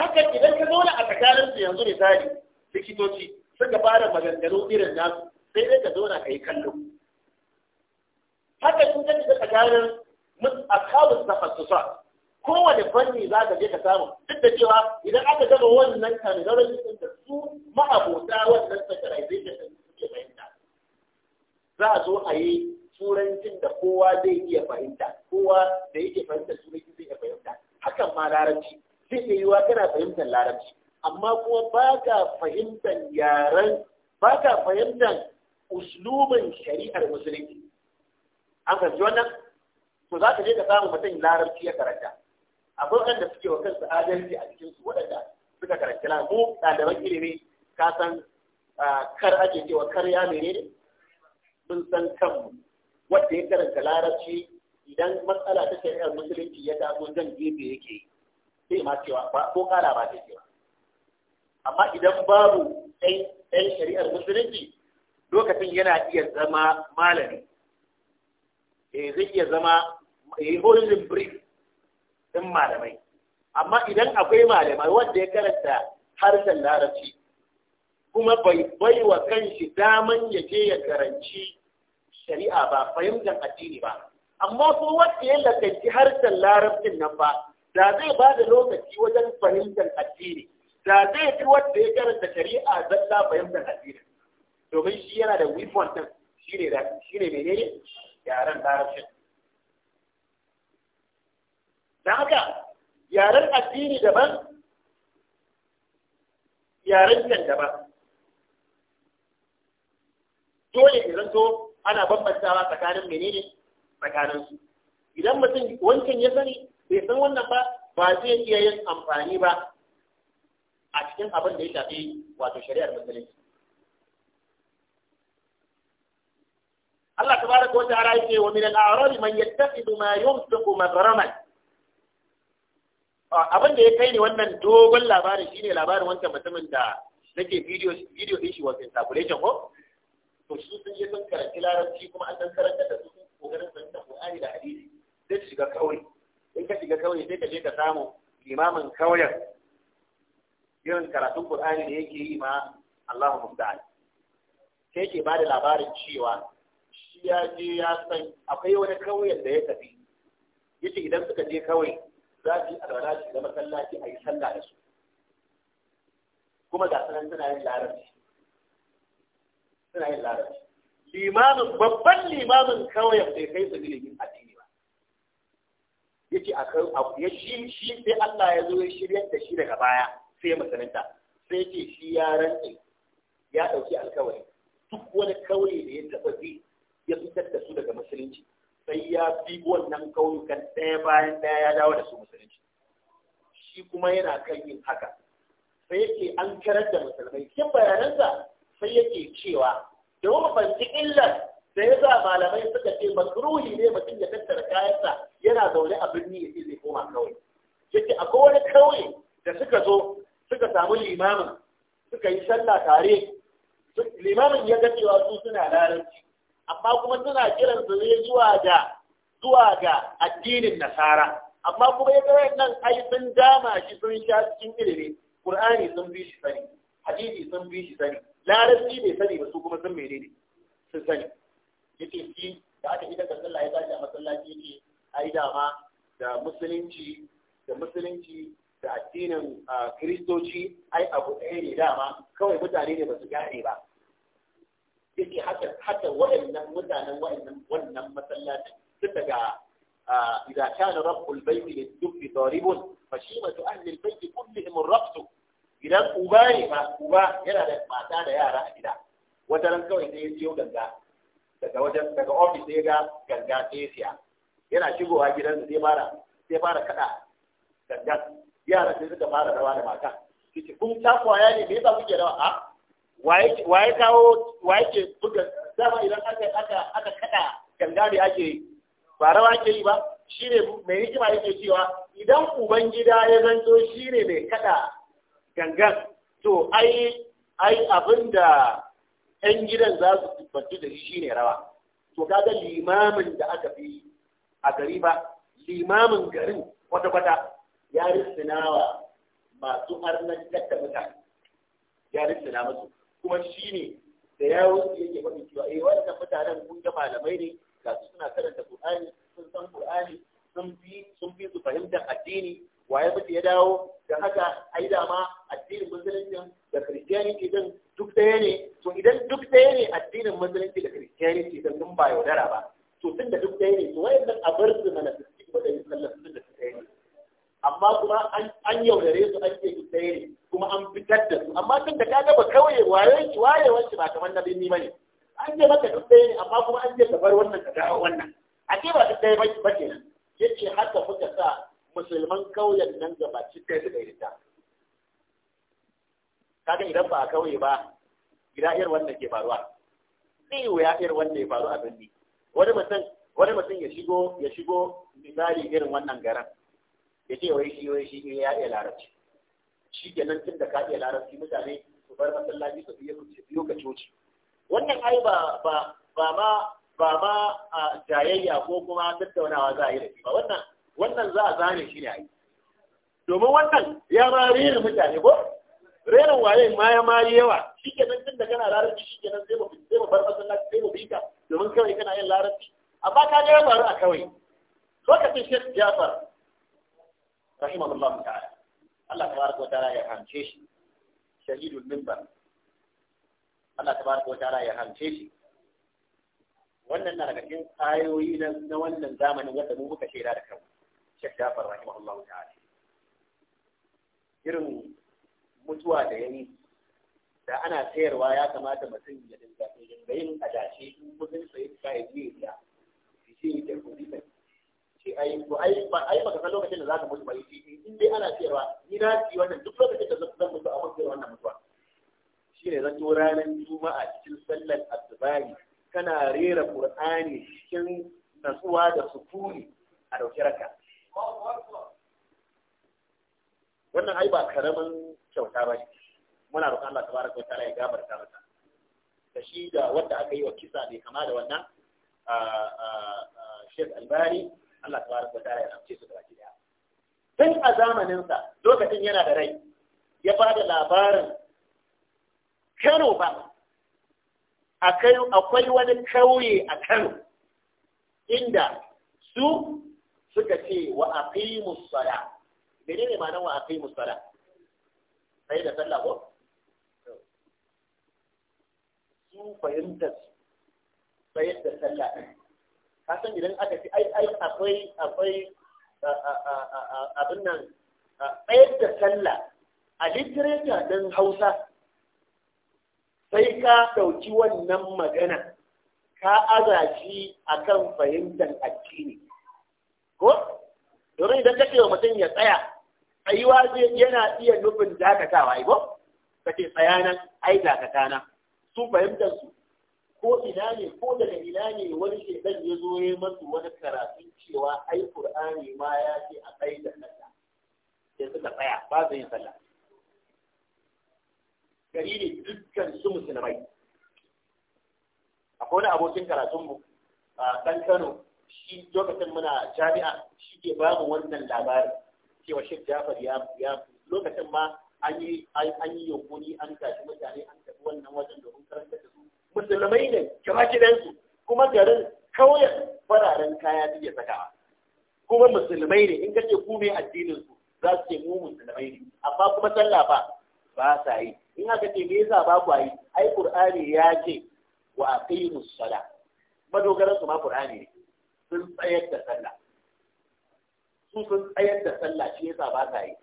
haka idan ka zauna a tsakanin su yanzu misali likitoci suka fara maganganu irin nasu sai dai ka zauna ka yi kallo haka sun ka shiga tsakanin su sa, kowane fanni za ka je ka samu duk da cewa idan aka gaba wannan terminology jikin da su ma'abota wannan specialization suke fahimta za a zo a yi turancin da kowa zai iya fahimta kowa da yake fahimta turanci zai iya fahimta hakan ma larabci zai iya yiwa kana fahimtar larabci amma kuma ba ka fahimtar yaren ba ka fahimtar uslubin shari'ar musulunci an fahimci wannan to za ka je ka samu mutum larabci ya karanta akwai waɗanda suke wa kansu adalci a cikin su waɗanda suka karanta la mu ɗaliban ilimi ka san kar ake cewa karya menene mun san kanmu wanda ya karanta larabci idan matsala ta shari'ar musulunci ya taso zan gefe yake yi sai ma cewa ko kara ba ta cewa amma idan babu ɗan shari'ar musulunci lokacin yana iya zama malami eh zai iya zama eh holding brief din malamai amma idan akwai malamai wanda ya karanta harshen larabci kuma bai bai wa kanshi daman ya je ya karanci shari'a ba fahimtar addini ba amma ko wanda ya lakanci harshen larabcin nan ba da zai ba da lokaci wajen fahimtar addini da zai fi wanda ya karanta shari'a zalla fahimtar addini domin shi yana da weapon din shi da mene menene yaren larabcin dan haka yaren addini daban yaren can daban dole ne zanto ana bambantawa tsakanin menene tsakanin su idan mutum wancan ya sani bai san wannan ba ba zai iya yin amfani ba a cikin abin da ya shafi wato shari'ar musulunci Allah ta tabaraka wa ta'ala yake wa min al-a'rab man yattaqidu ma yumsiku madraman abin da ya kai ni wannan dogon labarin shine labarin wancan mutumin da nake video ɗin shi wasu intakulation ko to su sun yi sun karanci larabci kuma an san karanta da su sun kokarin fahimta ari da hadisi zai shiga kawai in ka shiga kauye sai ka je ka samu limamin kauyen irin karatun Qur'ani da yake yi ma Allahu musta'an sai ke bada labarin cewa shi ya je ya san akwai wani kauyen da ya tafi yace idan suka je kauye za su yi alwala su da masallaci a yi sallah da su kuma ga sanan suna yin larabci suna yin larabci limamin babban limamin kauyen bai kai su ilimin addini yace akwai ya shi shi sai Allah ya zo ya shirya da shi daga baya sai ya sai yace shi ya rantsi ya dauki alkawari duk wani kauye da ya taba bi ya fitar da su daga musulunci sai ya bi wannan kauyukan ɗaya bayan ɗaya ya dawo da su musulunci shi kuma yana kan yin haka sai yake an karar da musulmai bayanan bayanansa sai yake cewa da mu illar da ya sa malamai suka ce makruhi ne mutum ya tattara kayansa yana zaune a birni ya ce zai koma kawai yake akwai wani kawai da suka zo suka samu limamin suka yi sallah tare limamin ya ga cewa su suna larabci amma kuma suna kiran su ne zuwa ga zuwa ga addinin nasara amma kuma ya ga nan ai sun dama shi sun sha cikin ilimi qur'ani sun bi shi sani hadisi sun bi shi sani larabci bai sani ba su kuma sun menene sun sani yake shi da aka ita da sallah ya tashi a masallaci yake ai dama da musulunci da musulunci da addinin kristoci ai abu ɗaya ne dama kawai mutane ne ba su gane ba yake haka haka waɗannan mutanen waɗannan wannan masallacin tun daga إذا كان رب البيت للدب ضارب فشيمة أهل البيت كلهم الرفض إذا أباي ما uba yana da mata da yara a gida wata ran kawai sai ya ciyo ganga daga wajen daga ofis sai ga ganga Asia yana shigowa gidan sai fara sai fara kada ganga yara sai suka fara rawa da mata kici kun ta kwaya ne me yasa kuke rawa a ah, waye waye kawo waye ke buga dama idan aka aka aka kada ganga ne ake yi ba rawa ke yi ba shine mai hikima yake cewa idan ubangida ya zanto shine mai kada gangan to ai ai abinda 'yan gidan za su tabbaci da shi ne rawa to kaga limamin da aka fi a gari ba limamin garin kwata-kwata ya wa masu harnar da mutane ya risina musu kuma shi ne da ya wuce yake faɗi cewa eh wannan mutanen kun ga malamai ne ga su suna karanta Qur'ani sun san Qur'ani sun fi su fahimtar addini waye mutu ya dawo da haka ai da ma addinin musulunci da Christianity din duk ɗaya ne to idan duk ɗaya ne addinin musulunci da christianity da sun ba yaudara ba to tun da duk ɗaya ne to wayannan a bar su mana su ci gaba da yin sallah tun da duk ɗaya ne amma kuma an yaudare su an ce duk ɗaya ne kuma an fitar da su amma tun da ka gaba kawai wayewanci wayewanci ba kamar na birni ba ne an ce maka duk ɗaya ne amma kuma an ce ka bar wannan ka dawo wannan a ce ba duk ɗaya ba ke nan, yace haka kuka sa musulman kauyen nan gaba ci ɗaya da ɗaya kaga idan ba a kawai ba gida iyar wanda ke faruwa zai wuya iyar wanda ya faru a birni wani mutum wani mutum ya shigo ya shigo misali irin wannan garan ya ce wai shi wai shi ya iya larabci shi kenan tun da ka iya larabci mutane su bar masallaci su biyo su fiye ka coci wannan ai ba ba ba ma ba ma a jayayya ko kuma tattaunawa za a yi da shi ba wannan wannan za a zane shi ne ai domin wannan ya ma rena mutane ko renin waye ma ya ma yawa shi ke nan tun da kana larabci shi ke nan zai mu bar masallaci zai mu bika. domin kawai kana yin larabci amma ka ga ya faru a kawai lokacin shek jafar rahimahullahu ta'ala Allah tabaraka wa ta'ala ya hamce shi shahidul minbar Allah tabaraka wa ta'ala ya hamce shi wannan na daga cikin ayoyi na wannan zamanin wanda mu muka shaida da kanmu Shek Jafar rahimahullahu ta'ala irin mutuwa da yayi da ana sayarwa ya kamata mutum ya dinga dinga yin adashi in kudin sai ka yi biya shi da kudi ne shi ai ko ai ba ai ba san lokacin da zaka mutu ba shi eh, in dai ana sayarwa ni na ci wannan duk lokacin da zan mutu a mutu wannan mutuwa shi ne zan ranar juma'a cikin sallar asubari kana rera qur'ani cikin natsuwa da sukuni a dauke raka wannan ai ba karamin kyauta ba ne muna roƙon Allah tabaraka wa ta'ala ya gabarta mata da shi da wanda aka yi wa kisa ne kama da wannan Sheikh Albani Allah tabaraka wa ta'ala ya amce su da baki daya tun a zamanin sa lokacin yana da rai ya ba da labarin Kano ba akwai wani kauye a Kano inda su suka ce wa aqimus salat menene ne ma'anar wa kai musala sai da sallah ko su fahimtar sai da sallah ka san idan aka ci ai ai akwai akwai abin nan tsayar da sallah a literature don hausa sai ka ɗauki wannan magana ka aza shi a kan fahimtar addini ko domin idan ka ce wa mutum ya tsaya tsayuwa yana iya nufin dakatawa ai ba ka ce tsaya nan ai dakata na su fahimtar su ko ina ne ko daga ina ne wani shekar ya zo ya masu wani karatun cewa ai qur'ani ma ya ce a tsayi da sallah sai suka tsaya ba su yin sallah gari ne dukkan su musulmai akwai wani abokin karatunmu a kan Kano shi lokacin muna jami'a shi ke ba wannan labari cewa shi Jafar ya ya lokacin ma an yi an yi yunkuri an tashi mutane an tafi wannan wajen domin karanta da su musulmai ne kama gidansu kuma garin kauyen fararen kaya suke sakawa kuma musulmai ne in kace ku mai addinin su za su ce mu musulmai ne amma kuma sallah ba ba sa yi in aka ce me yasa ba ku ayi ai qur'ani ya ce wa aqimus salah madogaran su ma qur'ani ne sun tsayar da sallah su sun tsayar da sallah shi yasa ba ta yi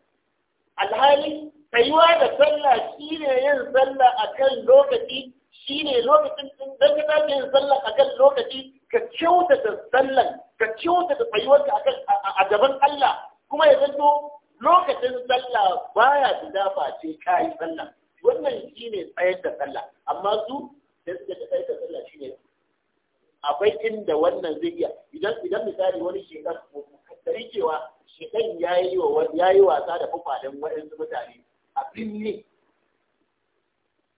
alhali tsayuwa da sallah shi ne yin sallah akan lokaci shi ne lokacin da ka sake yin sallah akan lokaci ka kyautata sallan ka kyautata tsayuwarka akan a gaban Allah kuma ya zanto lokacin sallah baya fita face ka yi sallah wannan shi ne tsayar da sallah amma su da suka tsayar da sallah shi ne akwai inda wannan zai iya idan idan misali wani shekar kaddari cewa shekar ya yi wa ya yi wasa da fafalen waɗansu mutane a binne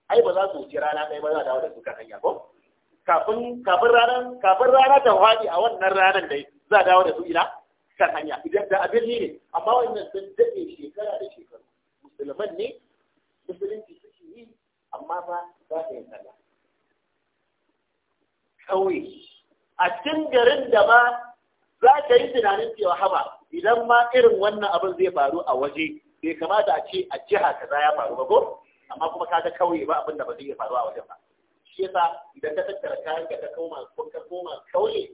ai ba za su wuce rana ɗaya ba za dawo da su kan hanya ko kafin kafin ranar kafin rana ta faɗi a wannan ranar da za dawo da su ina kan hanya idan da abin ne amma wannan sun daɗe shekara da shekaru musulman ne musulunci suke yi amma ba za ta yi sallah Kauye, a cikin garin da ba za ka yi tunanin cewa haba idan ma irin wannan abin zai faru a waje bai kamata a ce a jiha ka za ya faru ba ko amma kuma ka ga kauye ba abin da ba zai iya a wajen ba shi yasa idan ka tattara kayan ka koma ko ka koma kauye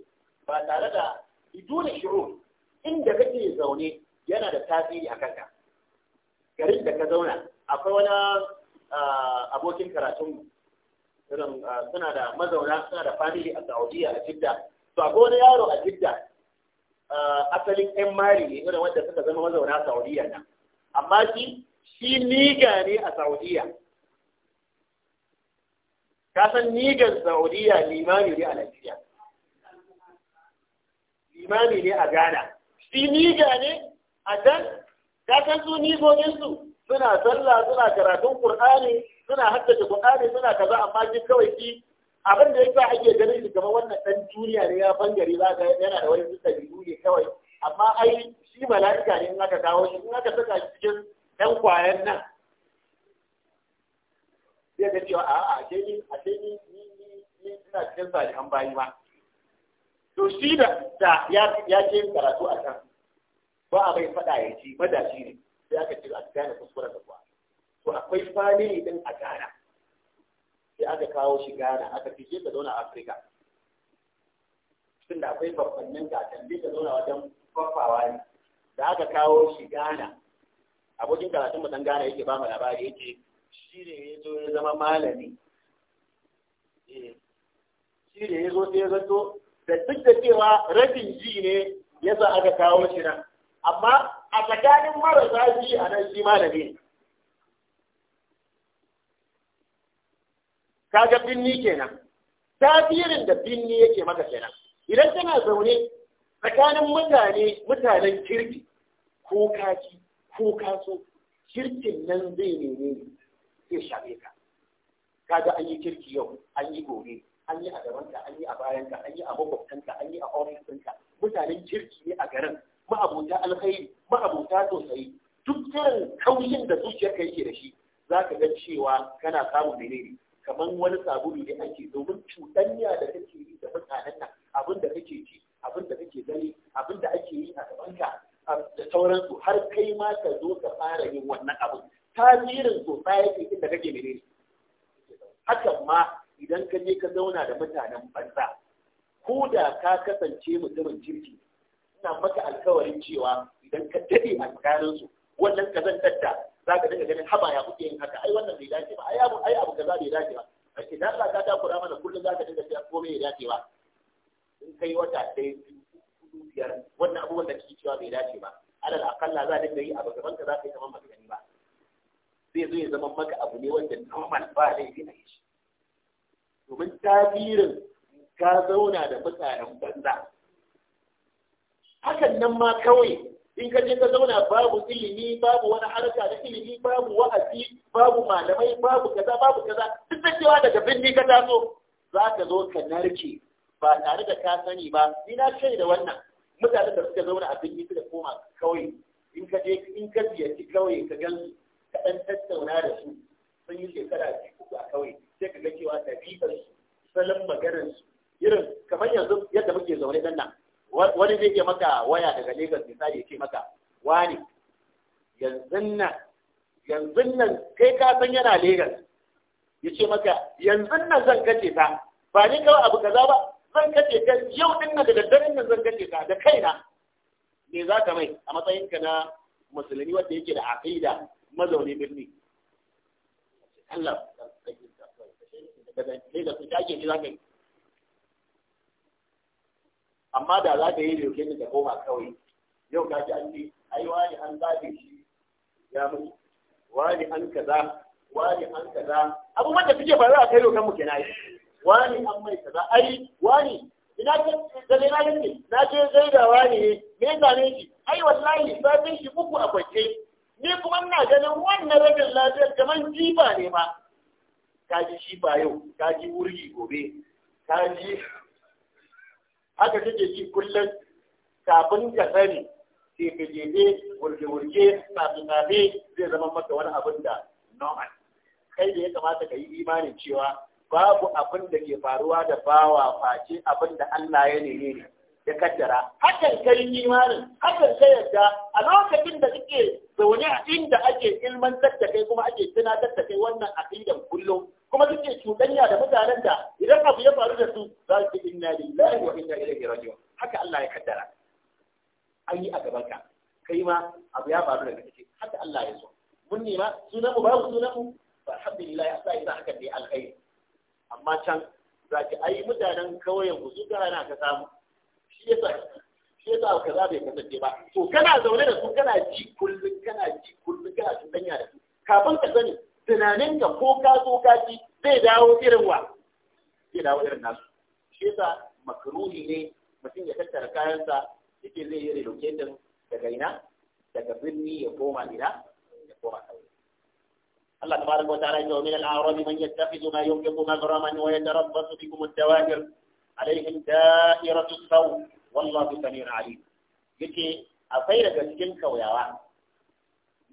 ba tare da biduna shiru inda kake zaune yana da tasiri a kanka garin da ka zauna akwai wani ah, abokin karatunmu. irin ah, suna da mazauna suna da family a Saudiya a Jidda to akwai wani yaro a Jidda ah, asalin ƴan mari ne irin wanda suka zama mazauna Saudiya nan amma shi shi niga ne a Saudiya ka san nigan Saudiya limani ne a Najeriya limani ne a Ghana shi niga ne a can ka san su nigogin suna sallah suna karatun Qur'ani suna haddace kuɗaɗe suna kaza amma duk kawai ki abin da yasa ake ganin shi kamar wannan dan duniya ne ya bangare za ga yana da wani dabi'u ne kawai amma ai shi mala'ika ne in aka kawo shi in aka saka shi cikin ɗan kwayan nan zai ga cewa a'a ce ni ce ni ni ni, ni, ina cikin salihan bayi ma to shi da da ya ya ce karatu a can ba a bai faɗa ya ci madashi ne sai aka ce a gane kuskuren da kuwa ko akwai family din a Ghana sai aka kawo shi Ghana aka fice ta zauna Afirka tunda akwai babbannin gatan bai ta zauna wajen kofawa ne da aka kawo shi Ghana abokin karatun mutan Ghana yake ba mu labari yake shi ne ya zo ya zama malami eh, shi ne ya zo sai ya zato da duk da cewa rabin ji ne yasa aka kawo shi nan amma a tsakanin marasa ji a nan shi malami ne kaga binni kenan tasirin da binni yake maka kenan idan kana zaune tsakanin mutane mutanen kirki ko kaci ko kaso kirkin nan zai neme zai shafe ka kaga an yi kirki yau an yi gobe an yi a gabanka an yi a bayanka an yi a makwabtanka an yi a ofisinka mutanen kirki ne a garin ma'abota alkhairi ma'abota sosai duk kirin kaushin da zuciyarka yake da shi za ka ga cewa kana samun menene kamar wani sabulu ne ake domin cuɗanya da kake yi da mutanen nan abin da kake ci abin da kake gani abin da ake yi a gabanka da sauransu har kai ma ka zo ka fara yin wannan abin tasirin society din da kake mene hakan ma idan ka je ka zauna da mutanen banza ko da ka kasance mutumin jirgi, ina maka alkawarin cewa idan ka daɗe a tsakaninsu wannan zan da za ka dinga ganin haba ya kuke yin haka ai wannan bai dace ba ai abu ai abu kaza bai dace ba kace dan Allah ta takura mana kullum za ka dinga cewa komai bai dace ba in kai wata sai biyar wannan abubuwan da kike cewa bai dace ba alal akalla za dinga yi abu gaban ka za ka yi kamar baka gani ba zai zo ya zama maka abu ne wanda normal ba zai na shi domin tasirin ka zauna da mutanen banza hakan nan ma kawai in ka je ka zauna babu ilimi babu wani harka da ilimi babu wa'azi babu malamai babu kaza babu kaza duk da cewa daga birni ka taso za ka zo ka narke ba tare da ka sani ba ni na da wannan mutane da suka zauna a birni suka koma kauye in ka je in ka ziyarci kauye ka gan ka dan tattauna da su sun yi shekara biyu uku a kauye sai ka ga cewa su salon maganarsu. irin kamar yanzu yadda muke zaune nan wani zai ke maka waya daga legas misali ce maka wani yanzu nan yanzu nan kai ka san yana Legas, ya ce maka yanzu nan zan kace ta ba ni kawai abu kaza ba zan kace ta yau din na, da daddaren nan zan kace ta da kaina me za ka mai a matsayinka na musulmi wanda yake da aqida mazauni birni Allah ka yi da kai da kai da kai amma da za ka yi doke ne da koma kawai yau ka ji an ce ai wani an zaɓe shi ya mutu wani an kaza wani an kaza abubuwan da suke faruwa a kai dokan mu kenan wani an mai kaza ai wani ina ce ne na gani na ce zai da wani ne me zane shi ai wallahi sabin shi uku a kwance ni kuma ina ganin wannan rabin lafiyar kamar jifa ne ma ka ji ba yau ka ji wurgi gobe ka ji haka take ji kullum kafin ka sani tefe jefe wurge-wurge tafi-tafi zai zama maka wani abin da normal kai da ya kamata ka yi imanin cewa babu abin da ke faruwa da bawa face abin da Allah ya nene ne ya kaddara hakan kai imanin hakan kai yadda a lokacin da kake zaune a inda ake ilmantar da kai kuma ake tunatar da kai wannan aqidan kullum kuma kake cuɗanya da mutanen da idan abu ya faru da su za su inna lillahi wa inna ilaihi raji'un haka Allah ya kaddara an yi a gaban ka kai ma abu ya faru da kake haka Allah ya so mun nema sunan mu babu sunan mu alhamdulillah Allah ya sa haka dai alkhairi amma can za ki ai mutanen kauyen ku su ga na ka samu shi yasa shi yasa kaza bai kasance ba to kana zaune da su kana ji kullum kana ji kullum kana cuɗanya da su kafin ka sani tunaninka ko ka so ka ji zai dawo irin wa zai dawo irin nasu shi yasa makruhi ne mutum ya tattara kayansa yake zai yi relocating daga ina daga birni ya koma ina ya koma kauye الله تبارك وتعالى يقول من الأعراب من يتخذ ما ينفق مغرما ويتربص بكم الدوائر عليهم دائرة السوء wallahu samiun alim yace akwai daga cikin kauyawa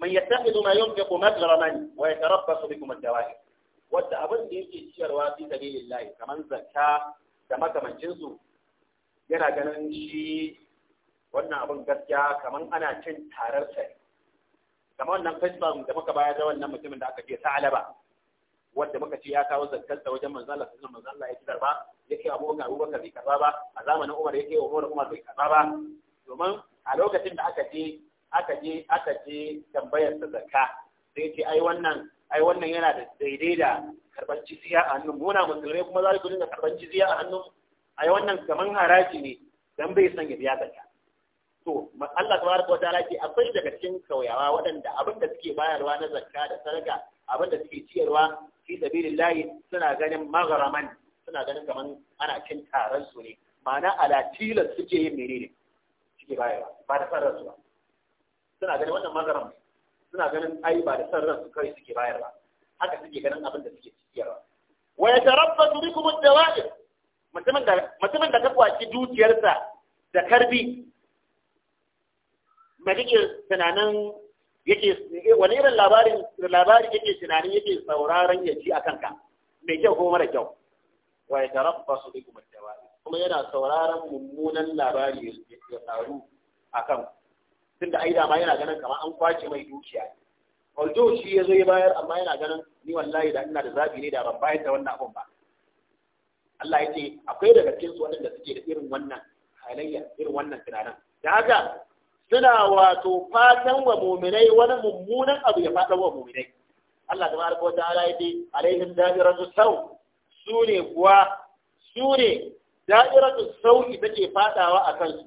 man yattakhidhu ma yunfiqu majraman wa yatarabbasu bikum ad-dawai wanda abin da yake ciyarwa fi sabilillah kaman zakka da makamancin su yana ganin shi wannan abin gaskiya kaman ana cin tarar sa kamar wannan fasban da muka bayar da wannan mutumin da aka ce Alaba. wanda muka ce ya kawo zakkarsa wajen manzo Allah sallallahu alaihi Allah ya ci ya yake Abu Bakar Abubakar Bakar bai karba ba a zamanin Umar ya wa Umar Umar bai karba ba domin a lokacin da aka je aka je aka je tambayar da zakka sai ce ai wannan ai wannan yana da daidai da karban jizya a hannun muna musulmai kuma za ku dinga karban jizya a hannun ai wannan kaman haraji ne dan bai san ya biya zakka to Allah tabaraka wa ta'ala ce akwai daga cikin kauyawa waɗanda abin da suke bayarwa na zakka da sadaka abin da suke ciyarwa fi sabili sabilillahi suna ganin magharaman suna ganin kaman ana cin taron su ne ma'ana ala tilas suke yin ne suke bayarwa ba da sarrar su ba suna ganin wannan magharam suna ganin ai ba da sarrar su kai suke bayarwa haka suke ganin abin da suke ciyarwa wa yatarabbasu bikum ad-dawa'ir mutumin da mutumin da ka kwaci dukiyarsa da karbi mai tunanin yake wani irin labarin labarin yake tunanin yake sauraron ya ji akan ka mai kyau ko mara kyau wa ya su bikum al-dawa'i kuma yana sauraron mummunan labari ya taru akan tunda ai da ma yana ganin kamar an kwace mai dukiya Aljo shi ya zo ya bayar amma yana ganin ni wallahi da ina da zabi ne da ban bayar da wannan abun ba Allah ya ce akwai daga cikin su waɗanda suke da irin wannan halayya irin wannan tunanin da haka suna wato fatan wa muminai wani mummunan abu ya fatan wa muminai Allah ta baraka wata ala yace da'irar su sau su ne kuwa su ne su sau ita ke fadawa a kansu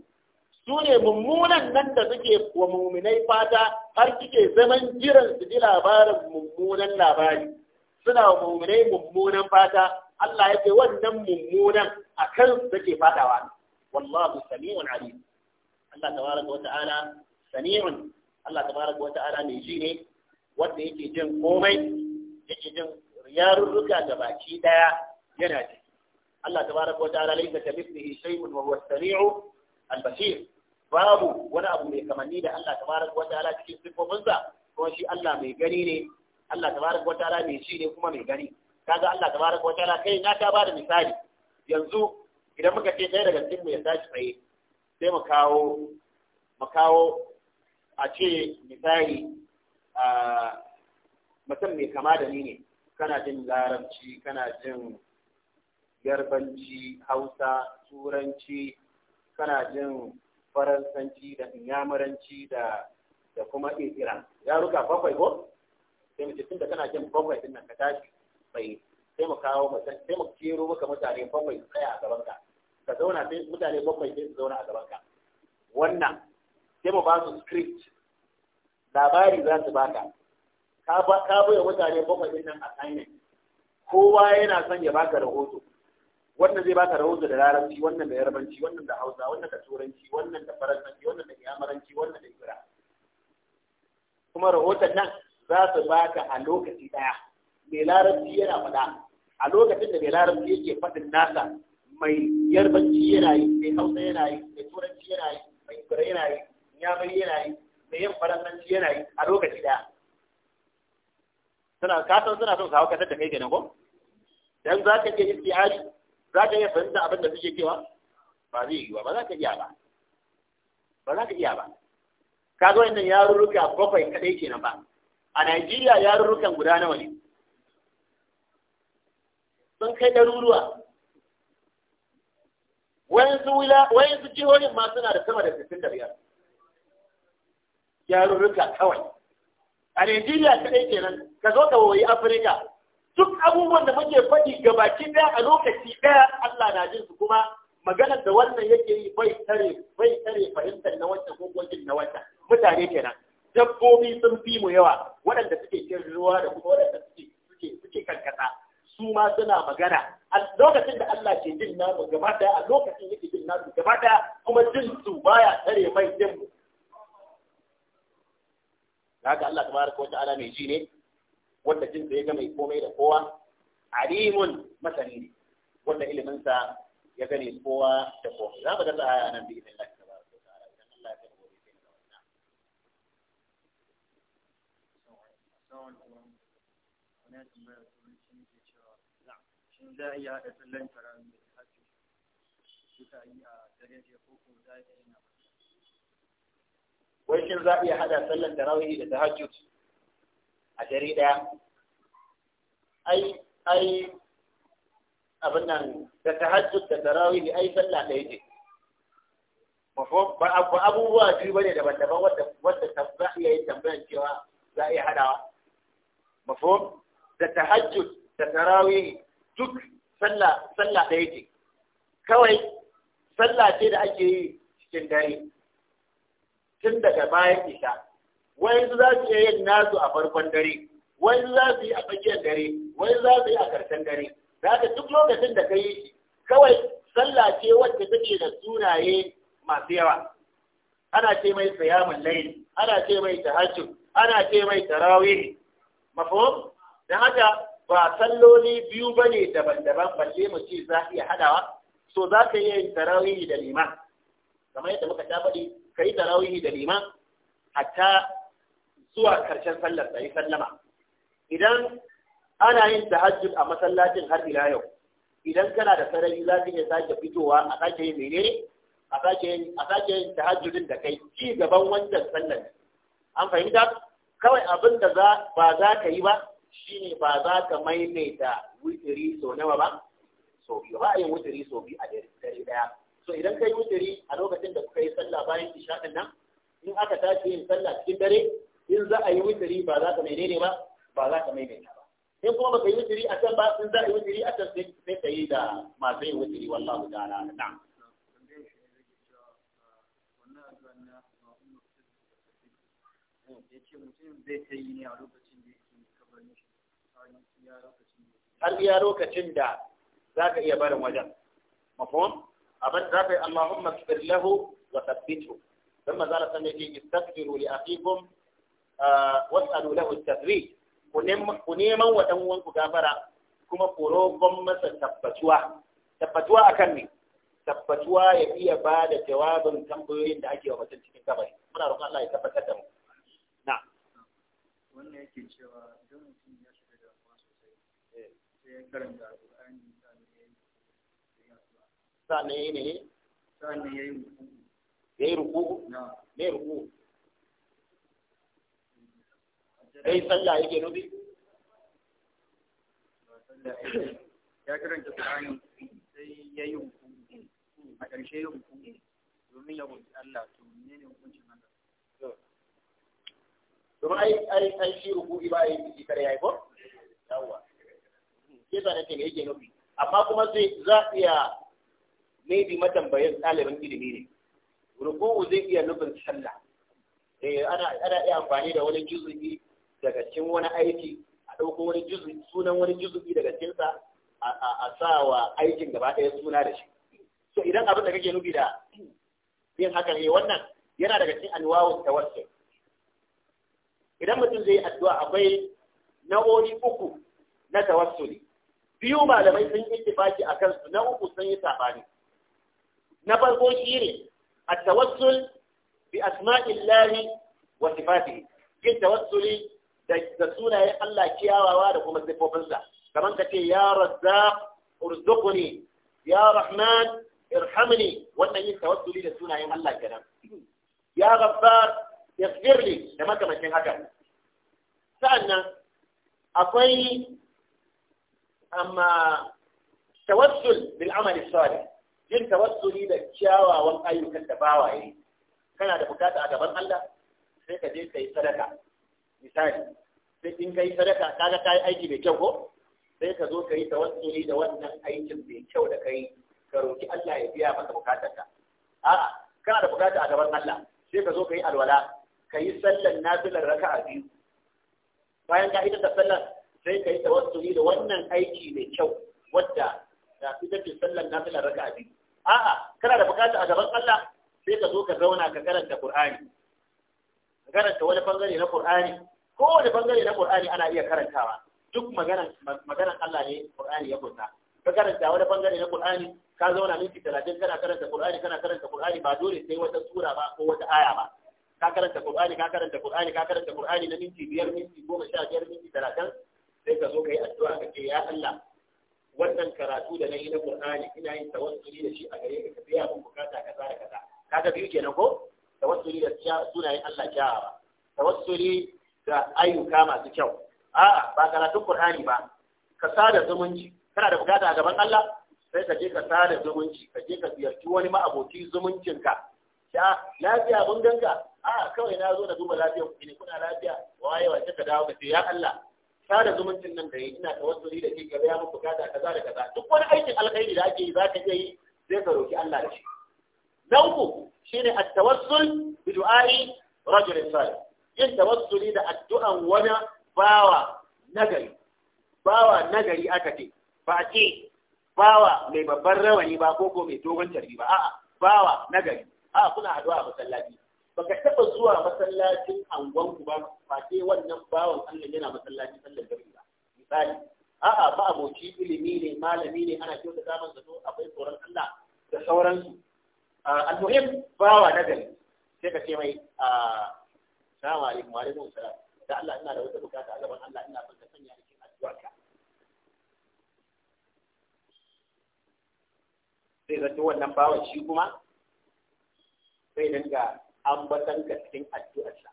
su ne mummunan nan da suke wa muminai fata har kike zaman jiran su ji labarin mummunan labari suna wa muminai mummunan fata Allah ya ce wannan mummunan a kansu ke fadawa wallahu sami'un alim Allah tabaraka wa ta'ala sami'un Allah tabaraka wa ta'ala mai ji ne wanda yake jin komai yake jin yarurruka ga baki daya yana ji Allah tabaraka wa ta'ala laysa kamithlihi shay'un wa huwa as-sami'u al-basir babu wani abu mai kamanni da Allah tabaraka wa ta'ala cikin sifofinsa kuma shi Allah mai gani ne Allah tabaraka wa ta'ala mai ji ne kuma mai gani kaga Allah tabaraka wa ta'ala kai na ta bada misali yanzu idan muka ce ɗaya daga cikin mu ya tashi tsaye sai makawo kawo a ce misali mutum mai kama da ni ne kana jin larabci kana jin yarbanci hausa turanci kana jin faransanci da inyamuranci da da kuma Ya ruka bakwai ko sai mace tun da kana jin bakwai din nan ka tashi bai sai mu kawo mutum sai mu kero maka mutane bakwai tsaya a gaban ka ka zauna sai mutane bakwai sai su zauna a gaban ka wannan sai mu ba su script labari za su baka ka ka bai mutane bakwai din nan assignment kowa yana son ya baka rahoto wannan zai baka rahoto da larabci wannan da yarbanci wannan da hausa wannan da turanci wannan da faransanci wannan da yamaranci wannan da ibra kuma rahoton nan za su baka a lokaci daya mai larabci yana faɗa a lokacin da mai larabci yake faɗin nasa mai yarbanci yana yi mai hausa yana yi mai turanci yana yi mai kura yana yi yamari yana yi mai yin faransanci yana yi a lokaci daya suna kasan suna son kawo kasar da kai kenan ko dan za ka iya istihari za ka yi fahimta abin da suke cewa ba zai yi ba ba za ka iya ba ba za ka iya ba ka zo inda yarurruka bakwai kadai kenan ba a Najeriya yarurrukan guda nawa ne sun kai ɗaruruwa wayansu jihohin ma suna da sama da 65 yarurruka kawai a Najeriya kaɗai kenan ka zo ka woyi Afirka duk abubuwan da muke faɗi gabaki ɗaya a lokaci ɗaya Allah na jinsu kuma maganar da wannan yake yi bai tare fahimtar na wata ko gwajin na wata mutane kenan dabbobi sun fi mu yawa waɗanda suke cin ruwa da kuma waɗanda suke suke su ma suna magana a lokacin da Allah ke jin namu gaba daya a lokacin yake jin namu gaba daya kuma jin su baya tare mai jin mu haka Allah tabaraka wa ta'ala mai ji ne wanda jin sa ya ga mai komai da kowa alimun masani ne wanda ilimin sa ya gane kowa da kowa za mu ga aya nan bi Allah za a iya haɗa sallan tarawih da hajji suka yi a dare da ko ko za a iya na wai shin za a iya haɗa sallan tarawih da ta tahajjud a dare ɗaya ai ai abin nan da ta tahajjud da tarawih ai sallah ɗaya ce ba abubuwa biyu ba ne daban-daban wadda za a iya yin tambayar cewa za a iya haɗawa mafhum da tahajjud da tarawih duk sallah sallah ɗaya ce kawai sallah ce da ake yi cikin dare tun daga bayan isa, wayansu za su iya yin nasu a farkon dare wayansu za su yi a tsakiyar dare wayansu za su yi a karshen dare za ka duk lokacin da ka yi shi kawai sallah ce wacce take da sunaye masu yawa ana ce mai siyamun laili ana ce mai tahajjud ana ce mai tarawih mafhum da haka ba salloli biyu ba ne daban-daban balle mu ce za iya hadawa so za ka yi tarawihi da liman kamar yadda muka ta faɗi ka yi tarawihi da liman hatta zuwa karshen sallar sai yi sallama idan ana yin tahajjud a masallacin har ila yau idan kana da sarari za ka iya sake fitowa a sake yin menene a sake yin a sake yin tahajjudin da kai ci gaban wannan sallar an fahimta kawai abin da za ba za ka yi ba ne ba za ka maimaita wutiri sau nawa ba sau biyu ba a yin wutiri sau biyu a dare daya so idan kai wutiri a lokacin da kuka yi sallah bayan isha'in nan in aka tashi yin sallah cikin dare in za a yi wutiri ba za ka menene ba ba za ka maimaita ba in kuma baka yi wutiri a can ba in za a yi wutiri a can sai ka yi da masu yin wutiri wallahu ta'ala na'am nan. Eh, ce mutum zai ta yi ne a lokacin har iya lokacin da za ka iya barin wajen mafon abin za ka yi allahun kafir lahu wa tabbitu dan manzo Allah sanne yake istaghfiru li akhikum ah, was'alu lahu at ku neman wa dan uwanku gafara kuma ku roƙon masa tabbatuwa tabbatuwa akan ne tabbatuwa ya iya ba da jawabin tambayoyin da ake wa mutum cikin kabari muna roƙon Allah ya tabbatar da mu na wannan yake cewa don mutum sannan ya yi ne sannan ya yi ya yi ruku ne ruku ya yi sallah yake nufi ya karanta Qur'ani sai ya yi hukumi a ƙarshe ya hukumi domin ya wuce Allah to ne ne hukuncin Allah domin ai ai ai shi ruku'i ba yi kare yayi ko Yawwa. sai sa nake me yake nufi amma kuma sai za a iya maybe matambayin ɗaliban ilimi ne ruku'u zai iya nufin sallah eh ana iya amfani da wani juzu'i daga cikin wani aiki a ɗauko wani juzu'i sunan wani juzu'i daga cikin a sa wa aikin gaba ɗaya suna da shi so idan abin da kake nufi da yin haka ne wannan yana daga cikin anwawu tawassul idan mutum zai addu'a akwai na'ori uku na tawassuli biyu malamai sun yi ittifaki a kansu na uku sun yi sabani na farko shi ne a tawassul bi asma'illahi wa sifatihi yin tawassuli da sunayen Allah kiyawawa da kuma sifofinsa kamar ka ce ya razzaq urzuqni ya rahman irhamni wannan yin tawassuli da sunayen Allah kenan ya ghaffar yaghfirli da makamancin haka sa'annan akwai amma tawassul bil amali salih yin tawassuli da kyawawan ayyukan da bawa yi kana da bukata a gaban Allah sai ka je kai sadaka misali sai in kai sadaka kaga kai aiki mai kyau ko sai ka zo kai tawassuli da wannan aikin mai kyau da kai ka roki Allah ya biya maka bukatarka a'a kana da bukata a gaban Allah sai ka zo kai alwala kai sallan nafilar raka'a biyu bayan ka ita da sallar sai ka yi tawassuli da wannan aiki mai kyau wadda da ita sallan na nafila raka biyu a'a kana da bukata a gaban Allah sai ka zo ka zauna ka karanta Qur'ani ka karanta wani bangare na Qur'ani ko wani bangare na Qur'ani ana iya karantawa duk maganan Allah ne Qur'ani ya kunta ka karanta wani bangare na Qur'ani ka zauna minti 30 kana karanta Qur'ani kana karanta Qur'ani ba dole sai wata sura ba ko wata aya ba ka karanta Qur'ani ka karanta Qur'ani ka karanta Qur'ani na minti 5 minti 10 minti 30 sai ka zo ka yi addu'a ka ce ya Allah wannan karatu da na yi na Qur'ani ina yin tawassuli da shi a gare ka ka biya mun bukata kaza da kaza kaga biyu kenan ko tawassuli da sunayen Allah kyawawa tawassuli da ayyuka masu kyau a'a ba karatun Qur'ani ba ka sada zumunci kana da bukata a gaban Allah sai ka je ka sada zumunci ka je ka ziyarci wani zumuncin zumuncinka ya lafiya mun ganga a kawai na zo na duba lafiyar ku ne kuna lafiya waye wace ka dawo ka ce ya Allah sada zumuncin nan da yi ina tawassuli da ke gaba ya muku gada kaza da kaza duk wani aikin alkhairi da ake yi za ka iya yi zai ka roki Allah da shi na uku shine at-tawassul bi du'ai rajul salih yin tawassuli da addu'an wani bawa nagari bawa nagari aka ce ba ce bawa mai babban rawani ba ko ko mai dogon tarbi ba a'a bawa nagari A'a, kuna addu'a masallaci baka taba zuwa masallacin angon ku ba ba sai wannan bawan Allah yana masallacin sallar gari ba misali a'a ba aboki ilimi ne malami ne ana kyauta zaman zato akwai tsoron Allah da sauransu al-muhim bawa na gari sai ka ce mai salamu alaikum wa alaikum salam da Allah ina da wata bukata a gaban Allah ina son ka sanya ni cikin ka sai zato wannan bawon shi kuma sai dinga ambatanka cikin addu'arsa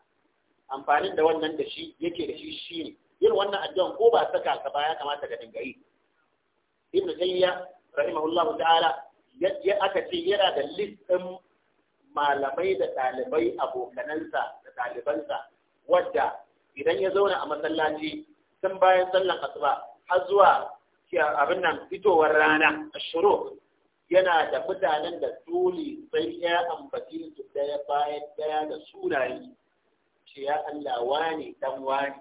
amfanin da wannan da shi yake da shi shine yin wannan addu'an ko ba saka ka ba ya kamata ka dinga yi ibnu tayyiya rahimahullahu ta'ala ya aka ce yana da list ɗin malamai da ɗalibai abokanansa da ɗalibansa wadda idan ya zauna a masallaci tun bayan sallan asuba har zuwa abin nan fitowar rana a yana da mutanen da dole sai ya ambaci su daya bayan daya da sunaye ce ya Allah wani dan wani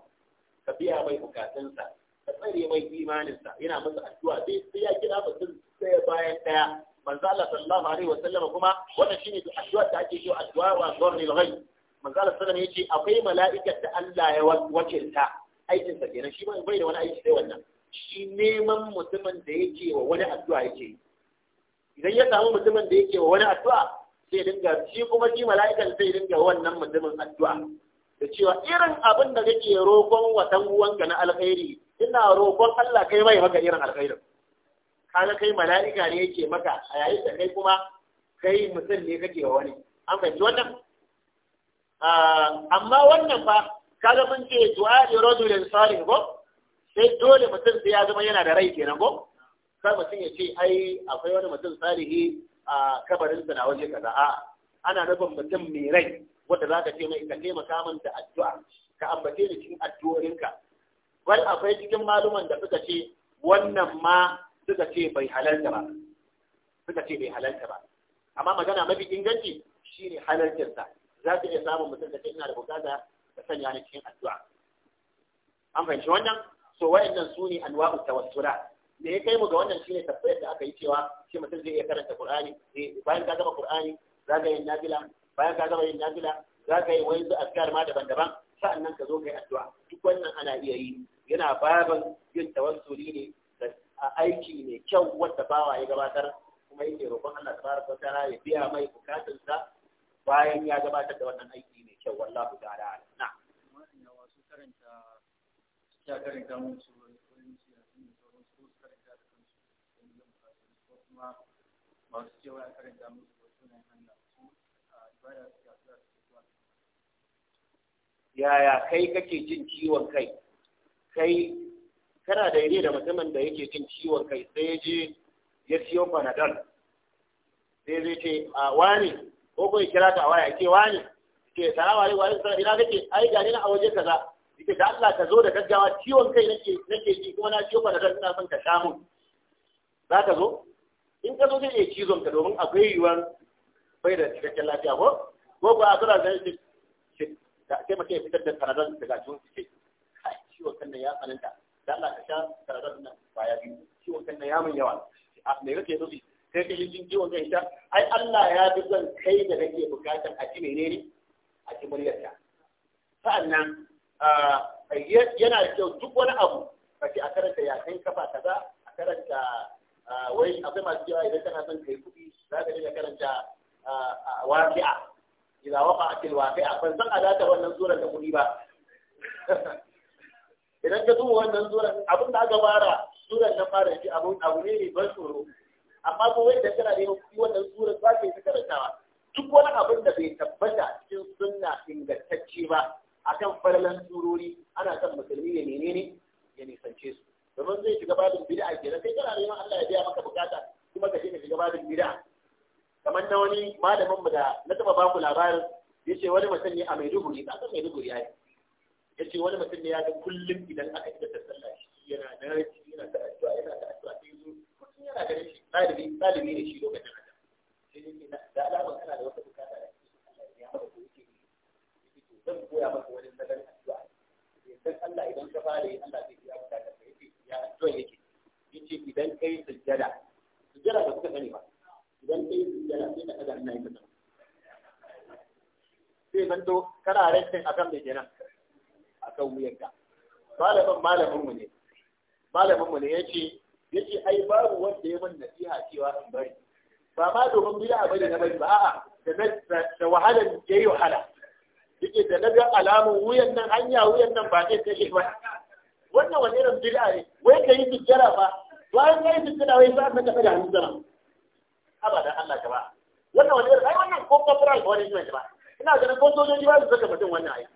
ka biya mai bukatunsa ka tsare mai imaninsa yana masa addu'a sai sai ya kira mutum ɗaya bayan daya manzo Allah sallallahu alaihi wa sallam kuma wannan shine addu'a da ake yi addu'a wa gharnil ghaib manzo Allah sallallahu alaihi yace akwai mala'ikat da Allah ya wakilta aikinsa kenan shi bai da wani aiki sai wannan shi neman mutumin da yake wa wani addu'a yake yi idan ya samu mutumin da yake wa wani addu'a sai dinga shi kuma shi mala'ikan sai dinga wannan mutumin addu'a da cewa irin abin da kake roƙon wa dan uwanka na alkhairi ina roƙon Allah kai mai maka irin alkhairin kaga kai mala'ika ne yake maka a yayin da kai kuma kai mutum ne kake wa wani an fahimci wannan ah, amma wannan fa kaga mun ce du'a rajulin salih ko sai dole mutum sai ya zama yana da rai kenan ko kar mutum ya ce ai akwai wani mutum salihi a kabarinsa na waje kaza a ana nufin mutum mai rai wanda za ka ce mai ka taimaka min da addu'a ka ambace ni cikin addu'orinka. wal akwai cikin maluman da suka ce wannan ma suka ce bai halarta ba suka ce bai halarta ba amma magana mafi inganci shine halartarsa za ka iya samun mutum da ce ina da bukata ka sanya ni cikin addu'a an fahimci wannan so wayannan su ne anwa'u tawassula da ya kai mu ga wannan shine tafsir da aka yi cewa shi mutum zai iya karanta Qur'ani bayan ka gama Qur'ani za ka yi nafila bayan ka gama yin nafila za ka yi wani azkar ma daban-daban sa'annan ka zo kai addu'a duk wannan ana iya yi yana baban yin tawassuli ne da aiki mai kyau wanda bawa ya gabatar kuma yake roƙon Allah tabaraka wa ta'ala ya biya mai bukatunsa bayan ya gabatar da wannan aiki mai kyau wallahi ta'ala na'am ya karanta mun cewa ya karanta musu sunan Allah su ibada su su yaya kai kake jin ciwon kai kai kana da ire da mutumin da yake jin ciwon kai sai ya je ya siyo panadol sai zai ce a wani ko kuma kira ta waya ke wani ke salamu alaikum wa alaikum ina kake ai gani na a waje kaza yake da Allah ka zo da gaggawa ciwon kai nake nake ji kuma na ciwon panadol ina son ka sha mun za ka zo in ka zo zai iya cizon ka domin akwai yiwuwar bai da cikakken lafiya ko ko ba a tura zai sai mutum ya fitar da karadon daga cikin su kai ciwon kan ya tsananta da Allah ka sha karadon nan baya biyu ciwon kan da ya mun yawa a me kake so sai ka yi jin ciwon kan ta, ai Allah ya bi zan kai da kake bukatar a ci menene a ci muryarka sa'annan yana da kyau duk wani abu kace a karanta ya kai kafa kaza a karanta Ah, wai akwai masu cewa idan kana son kai kuɗi za ka dinga karanta ah, ah, wafi'a a cikin wafi'a ban san a alaka wannan surar da kuɗi ba idan ka duba wannan surar abin da aka fara surar na fara shi abu ne mai ban tsoro amma ko wai da kana neman kuɗi wannan surar ba ka yi karantawa duk wani abin da bai tabbata cikin sunna ingantacce ba akan farlan surori ana son musulmi ya menene ya nisance su domin zai shiga babin bid'a kenan sai kana neman Allah ya biya maka bukata kuma ka shiga shiga babin bid'a kamar na wani malamin mu da na taba baku labarin yace wani mutum ne a Maiduguri ka san Maiduguri ai yace wani mutum ne ya ga kullum idan aka yi ta sallah shi yana rashi yana da addu'a yana da addu'a sai zo kullum yana da rashi ɗalibi ɗalibi ne shi lokacin haka sai yake da alama kana da wata bukata da Allah ya biya maka ko yake zan koya maka wani nazarin addu'a sai Allah idan ka fara yi Allah zai biya maka ya addu'a yake yace idan kai sujjada sujjada ba kuka sani ba idan kai sujjada sai ka daga ina yin sujjada sai zan to kana rashin akan mai kenan akan wuyanka malamin malamin mu ne malamin mu ne yace yace ai babu wanda ya min nasiha cewa in bari ba ma domin bid'a bane na bari ba a'a da wahalan yayi wahala yake da na ga alamun wuyan nan hanya wuyan nan ba zai kashe ba wannan wani irin bid'a ne wai ka yi bijjara ba bayan ka yi bijjara wai sa'an ka da hannun sama abada Allah ka ba wannan wani irin ai wannan ko corporal ko wani ba ina ganin ko sojoji ba su saka mutum wannan ai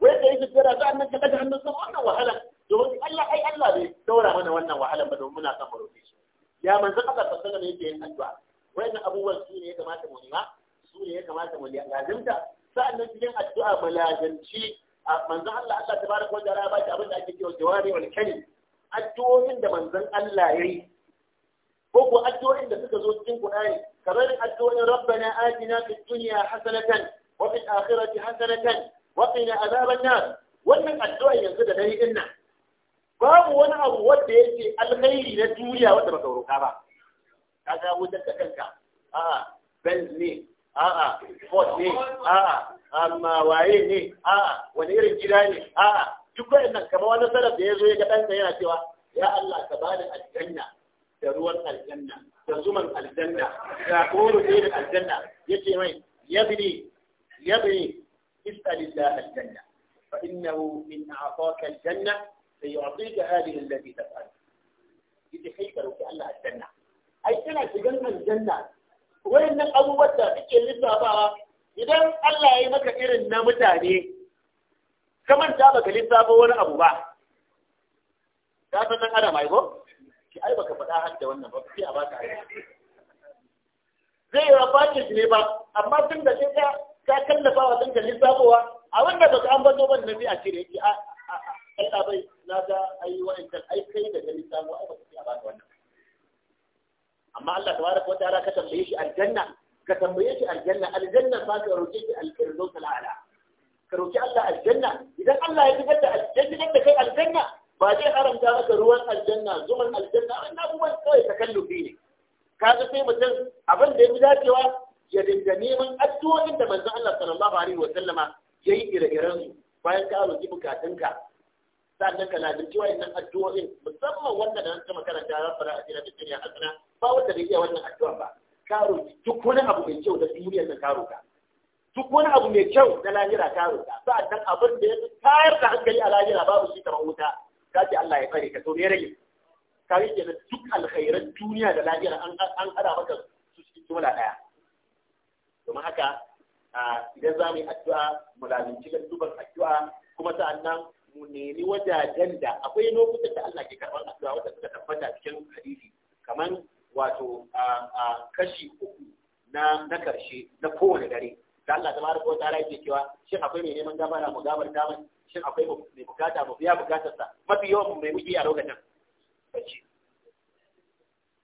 wai ka yi bijjara sa'an ka da hannun sama wannan wahala domin Allah ai Allah ne daura mana wannan wahalar ba domin muna son mu roƙe shi ya manzo Allah sallallahu alaihi wasallam yake yin addu'a wannan abubuwan su ne ya kamata mu nema su ne ya kamata mu lazimta sa'annan cikin addu'a mu lazimci manzon Allah Allah tabaraka wa ta'ala ya shi abin da ake cewa jawari wal kalim addu'o'in da manzon Allah yayi ko ko addu'o'in da suka zo cikin Qur'ani kamar addu'o'in rabbana atina fid dunya hasanatan wa fil akhirati hasanatan wa qina azaban nar wannan addu'a yanzu da dare dinnan babu wani abu wanda yake alkhairi na duniya wanda baka roka ba kaga wutar da kanka a'a benz ne a'a ford ne a'a amma waye ne a'a wani irin gida ne a'a duk nan kamar wani salaf da ya zo ya ga ɗansa yana cewa ya Allah ka bani aljanna da ruwan aljanna da zuman aljanna da koro ne da aljanna Ya ce mai yabni yabni is'alillah aljanna fa innahu in a'taka aljanna sayu'tika hadhihi allati tas'al yace kai ka roki Allah aljanna ai kana shigan aljanna wayannan abubuwan da kake lissafawa idan Allah ya yi maka irin na mutane ka manta baka lissafa wani abu ba ka san nan adam ai ki ai baka faɗa har da wannan ba sai a baka ai zai yi package ne ba amma tun da sai ka ka kallafa wa danka lissafowa a wanda baka an bazo ban nan sai a cire ki a ai bai. na ga ai wa'ancan ai kai da ga lissafo ai baka sai a baka wannan amma Allah tabaraka wa ta'ala ka tambaye shi aljanna ka tambaye shi aljanna aljanna ba ka roƙe shi alfirdaus al'ala ka roƙi Allah aljanna idan Allah ya shigar da aljanna da kai aljanna ba zai haramta maka ruwan aljanna zuman aljanna wannan abubuwan kawai takallufi ne kaga sai mutum abin da ya fi dacewa ya dinga neman addu'o'in da manzon Allah sallallahu alaihi wa sallama yayi ire-iren su bayan ka roƙi bukatunka sannan ka na lalunci wayannan addu'o'in musamman wanda da nan ta karanta za su fara a cikin duniya hasana ba wanda bai iya wannan addu'a ba karo duk wani abu mai kyau da duniyar ta karo ka duk wani abu mai kyau na lahira karo ka dan abin da ya tayar da hankali a lahira babu shi kamar wuta ka Allah ya kare ka to ne rage ka rike da duk alkhairan duniya da lahira an an hada maka su su jumla daya domin haka idan za mu yi addu'a mu da gantuban addu'a kuma nan mu nemi wajajen da akwai lokutan da Allah ke karɓar addu'a wanda suka tabbata cikin hadisi kamar wato kashi uku na na karshe na kowane dare da Allah tabar ko tsara yake cewa shin akwai mai neman gabara mu gabar ta shin akwai mai bukata mu biya bukatar sa mafi yawan mu mai muke a lokacin bacci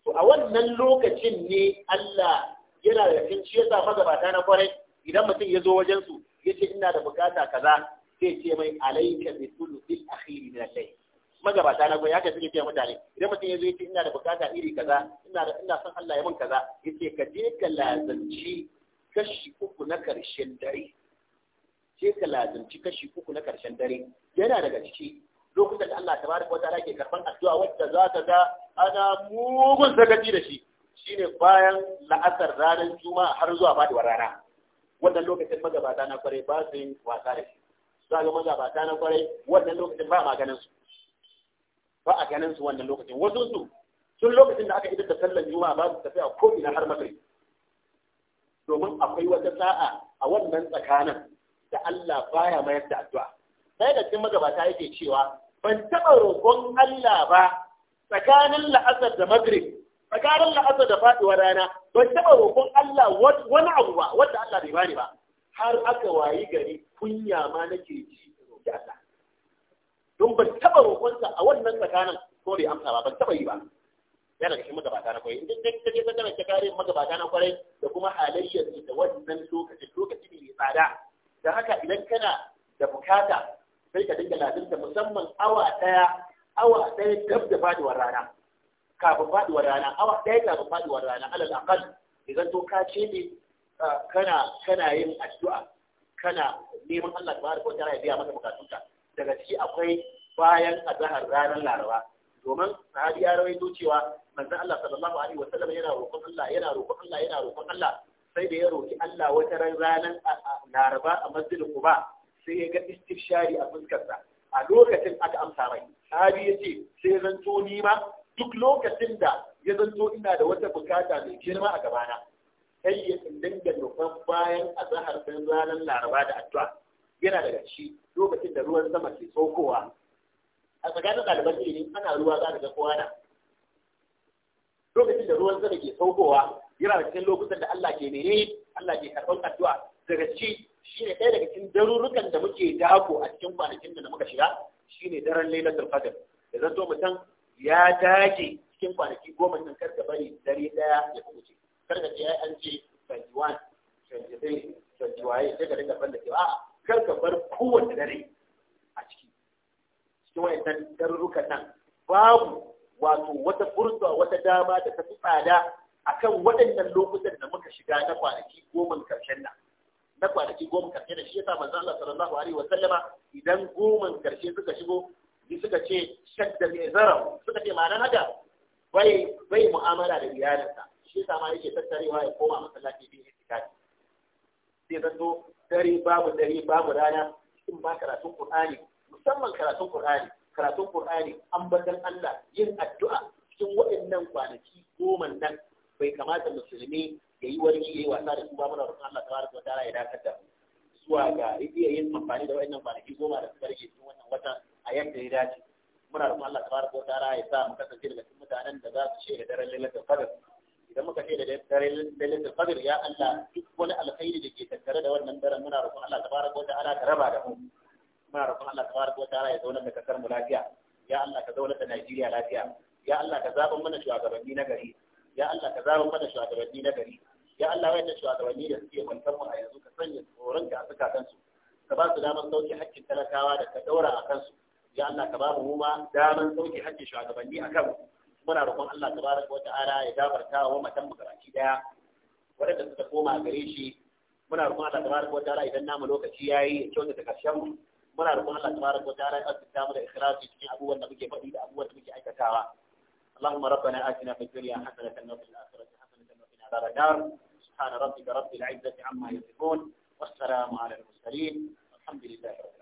to a wannan lokacin ne Allah yana da cikin shi yasa magabata na kwarai idan mutum ya zo wajen su yace ina da bukata kaza Zai ce mai alayka bi thuluthil akhir min al-layl magabata na gwai haka suke mutane idan mutum ya zo yace ina da bukata iri kaza ina da ina son Allah ya mun kaza yace ka je ka lazanci kashi uku na karshen dare je ka lazanci kashi uku na karshen dare yana daga ciki Lokacin da Allah tabaraka wa ta'ala ke karban addu'a wacce za ka ga ana mugun sakaci da shi shine bayan la'asar ranar juma'a har zuwa faduwar rana wannan lokacin magabata na kwarai ba su yin wasa da shi za ga magabata na kwarai wannan lokacin ba maganar su ba a ganin su wannan lokacin wasu su tun lokacin da aka idan da sallar juma'a ba su tafi a ko ina har magrib domin akwai wata sa'a a wannan tsakanin da Allah baya mayar da addu'a sai da cikin magabata yake cewa ban taɓa roƙon Allah ba tsakanin la'asar da magrib tsakanin la'asar da faɗuwar rana ban taba roƙon Allah wani abu ba wanda Allah bai bani ba har aka wayi gari kunya ma nake ji da Allah don ban taɓa roƙonsa a wannan tsakanin ko bai amsa ba ban taɓa yi ba yana da shi magabata na kwarai idan ta je tsakanin ta kare magabata na kwarai da kuma halayyar su da wannan lokaci lokaci ne mai tsada da haka idan kana da bukata sai ka dinga lazimta musamman awa ɗaya awa ɗaya dab da faɗuwar rana kafin faɗuwar rana awa ɗaya kafin faɗuwar rana alal aqal idan to ka ce ne kana kana yin addu'a kana neman Allah tabaraka wa ta'ala ya biya maka bukatunka daga ciki akwai bayan azahar ranar laraba domin sahabi ya rawaito cewa manzo Allah sallallahu alaihi wasallam yana roƙon Allah yana roƙon Allah yana roƙon Allah sai da ya roƙi Allah wata ranar laraba a masjidin Quba sai ya ga istikshari a fuskarsa a lokacin aka amsa mai sahabi ya ce sai zanto ni ma duk lokacin da ya zanto ina da wata bukata mai girma a gabana sai ya dinga roƙon bayan azahar ranar laraba da addu'a yana daga shi lokacin da ruwan sama ke saukowa a tsakanin ɗaliban ilimin ana ruwa za ga kowa na lokacin da ruwan sama ke saukowa yana da cikin lokutan da Allah ke Nene, Allah ke karɓar addu'a daga ci shi ne ɗaya daga cikin darurukan da muke dako a cikin kwanakin da muka shiga shi ne daren lailatul qadr da zanto mutum ya dage cikin kwanaki goma nan kar ka bari dare ɗaya ya kuce kar ka ce yi an ce 21 23 21 sai ka dinga fanda cewa a'a kar ka bar kowace dare a ciki cikin wayannan garurukan nan babu wato wata fursa wata dama da ta fi tsada kan waɗannan lokutan da muka shiga na kwanaki goma karshen nan na kwanaki goma karshe da shi ya yasa manzo Allah sallallahu alaihi wa sallama idan goman karshe suka shigo ni suka ce shadda mai zara suka ce ma'anar haka bai bai mu'amala da iyalinsa shi yasa ma yake tattarewa ya koma masallaci bin itikafi sai zanto dare babu dare babu rana in ba karatun Qur'ani musamman karatun Qur'ani karatun Qur'ani ambatan Allah yin addu'a cikin waɗannan kwanaki goma nan bai kamata musulmi ya yi wani yayi wasa da su ba mana roƙon Allah tabaraka wa ta'ala ya dakatar zuwa ga iya yin amfani da waɗannan kwanaki goma da suka rage cikin wannan wata a yadda ya dace muna roƙon Allah tabaraka wa ta'ala ya sa mu kasance daga cikin mutanen da za su da daren lailatul qadr idan muka ce da daren lailatul qadr ya Allah duk wani alkhairi da ke tattare da wannan daren muna roƙon Allah tabaraka wa ta'ala ka raba da mu muna roƙon Allah tabaraka wa ta'ala ya zauna da kasar mu lafiya ya Allah ka zauna da Najeriya lafiya ya Allah ka zaɓa mana shugabanni na gari ya Allah ka zaɓa mana shugabanni na gari ya Allah wayar da shugabanni da suke kwantar mu a yanzu ka sanya tsoron ka a zukatansu ka ba su damar sauke haƙƙin talakawa da ka ɗaura a kansu ya Allah ka ba mu ma damar sauke haƙƙin shugabanni a kanmu muna roƙon Allah tabaraka wa ta'ala ya gafarta wa matan makaranci daya Wadanda suka koma gare shi muna roƙon Allah tabaraka wa ta'ala idan namu lokaci yayi ya kyauta ta karshen mu muna roƙon Allah tabaraka wa ta'ala ya tsaftace mu da ikhlasi cikin abubuwan da muke faɗi da abubuwan da muke aikatawa اللهم ربنا آتنا في الدنيا حسنة وفي الآخرة حسنة وقنا عذاب النار سبحان ربك رب العزة عما يصفون والسلام على المرسلين والحمد لله رب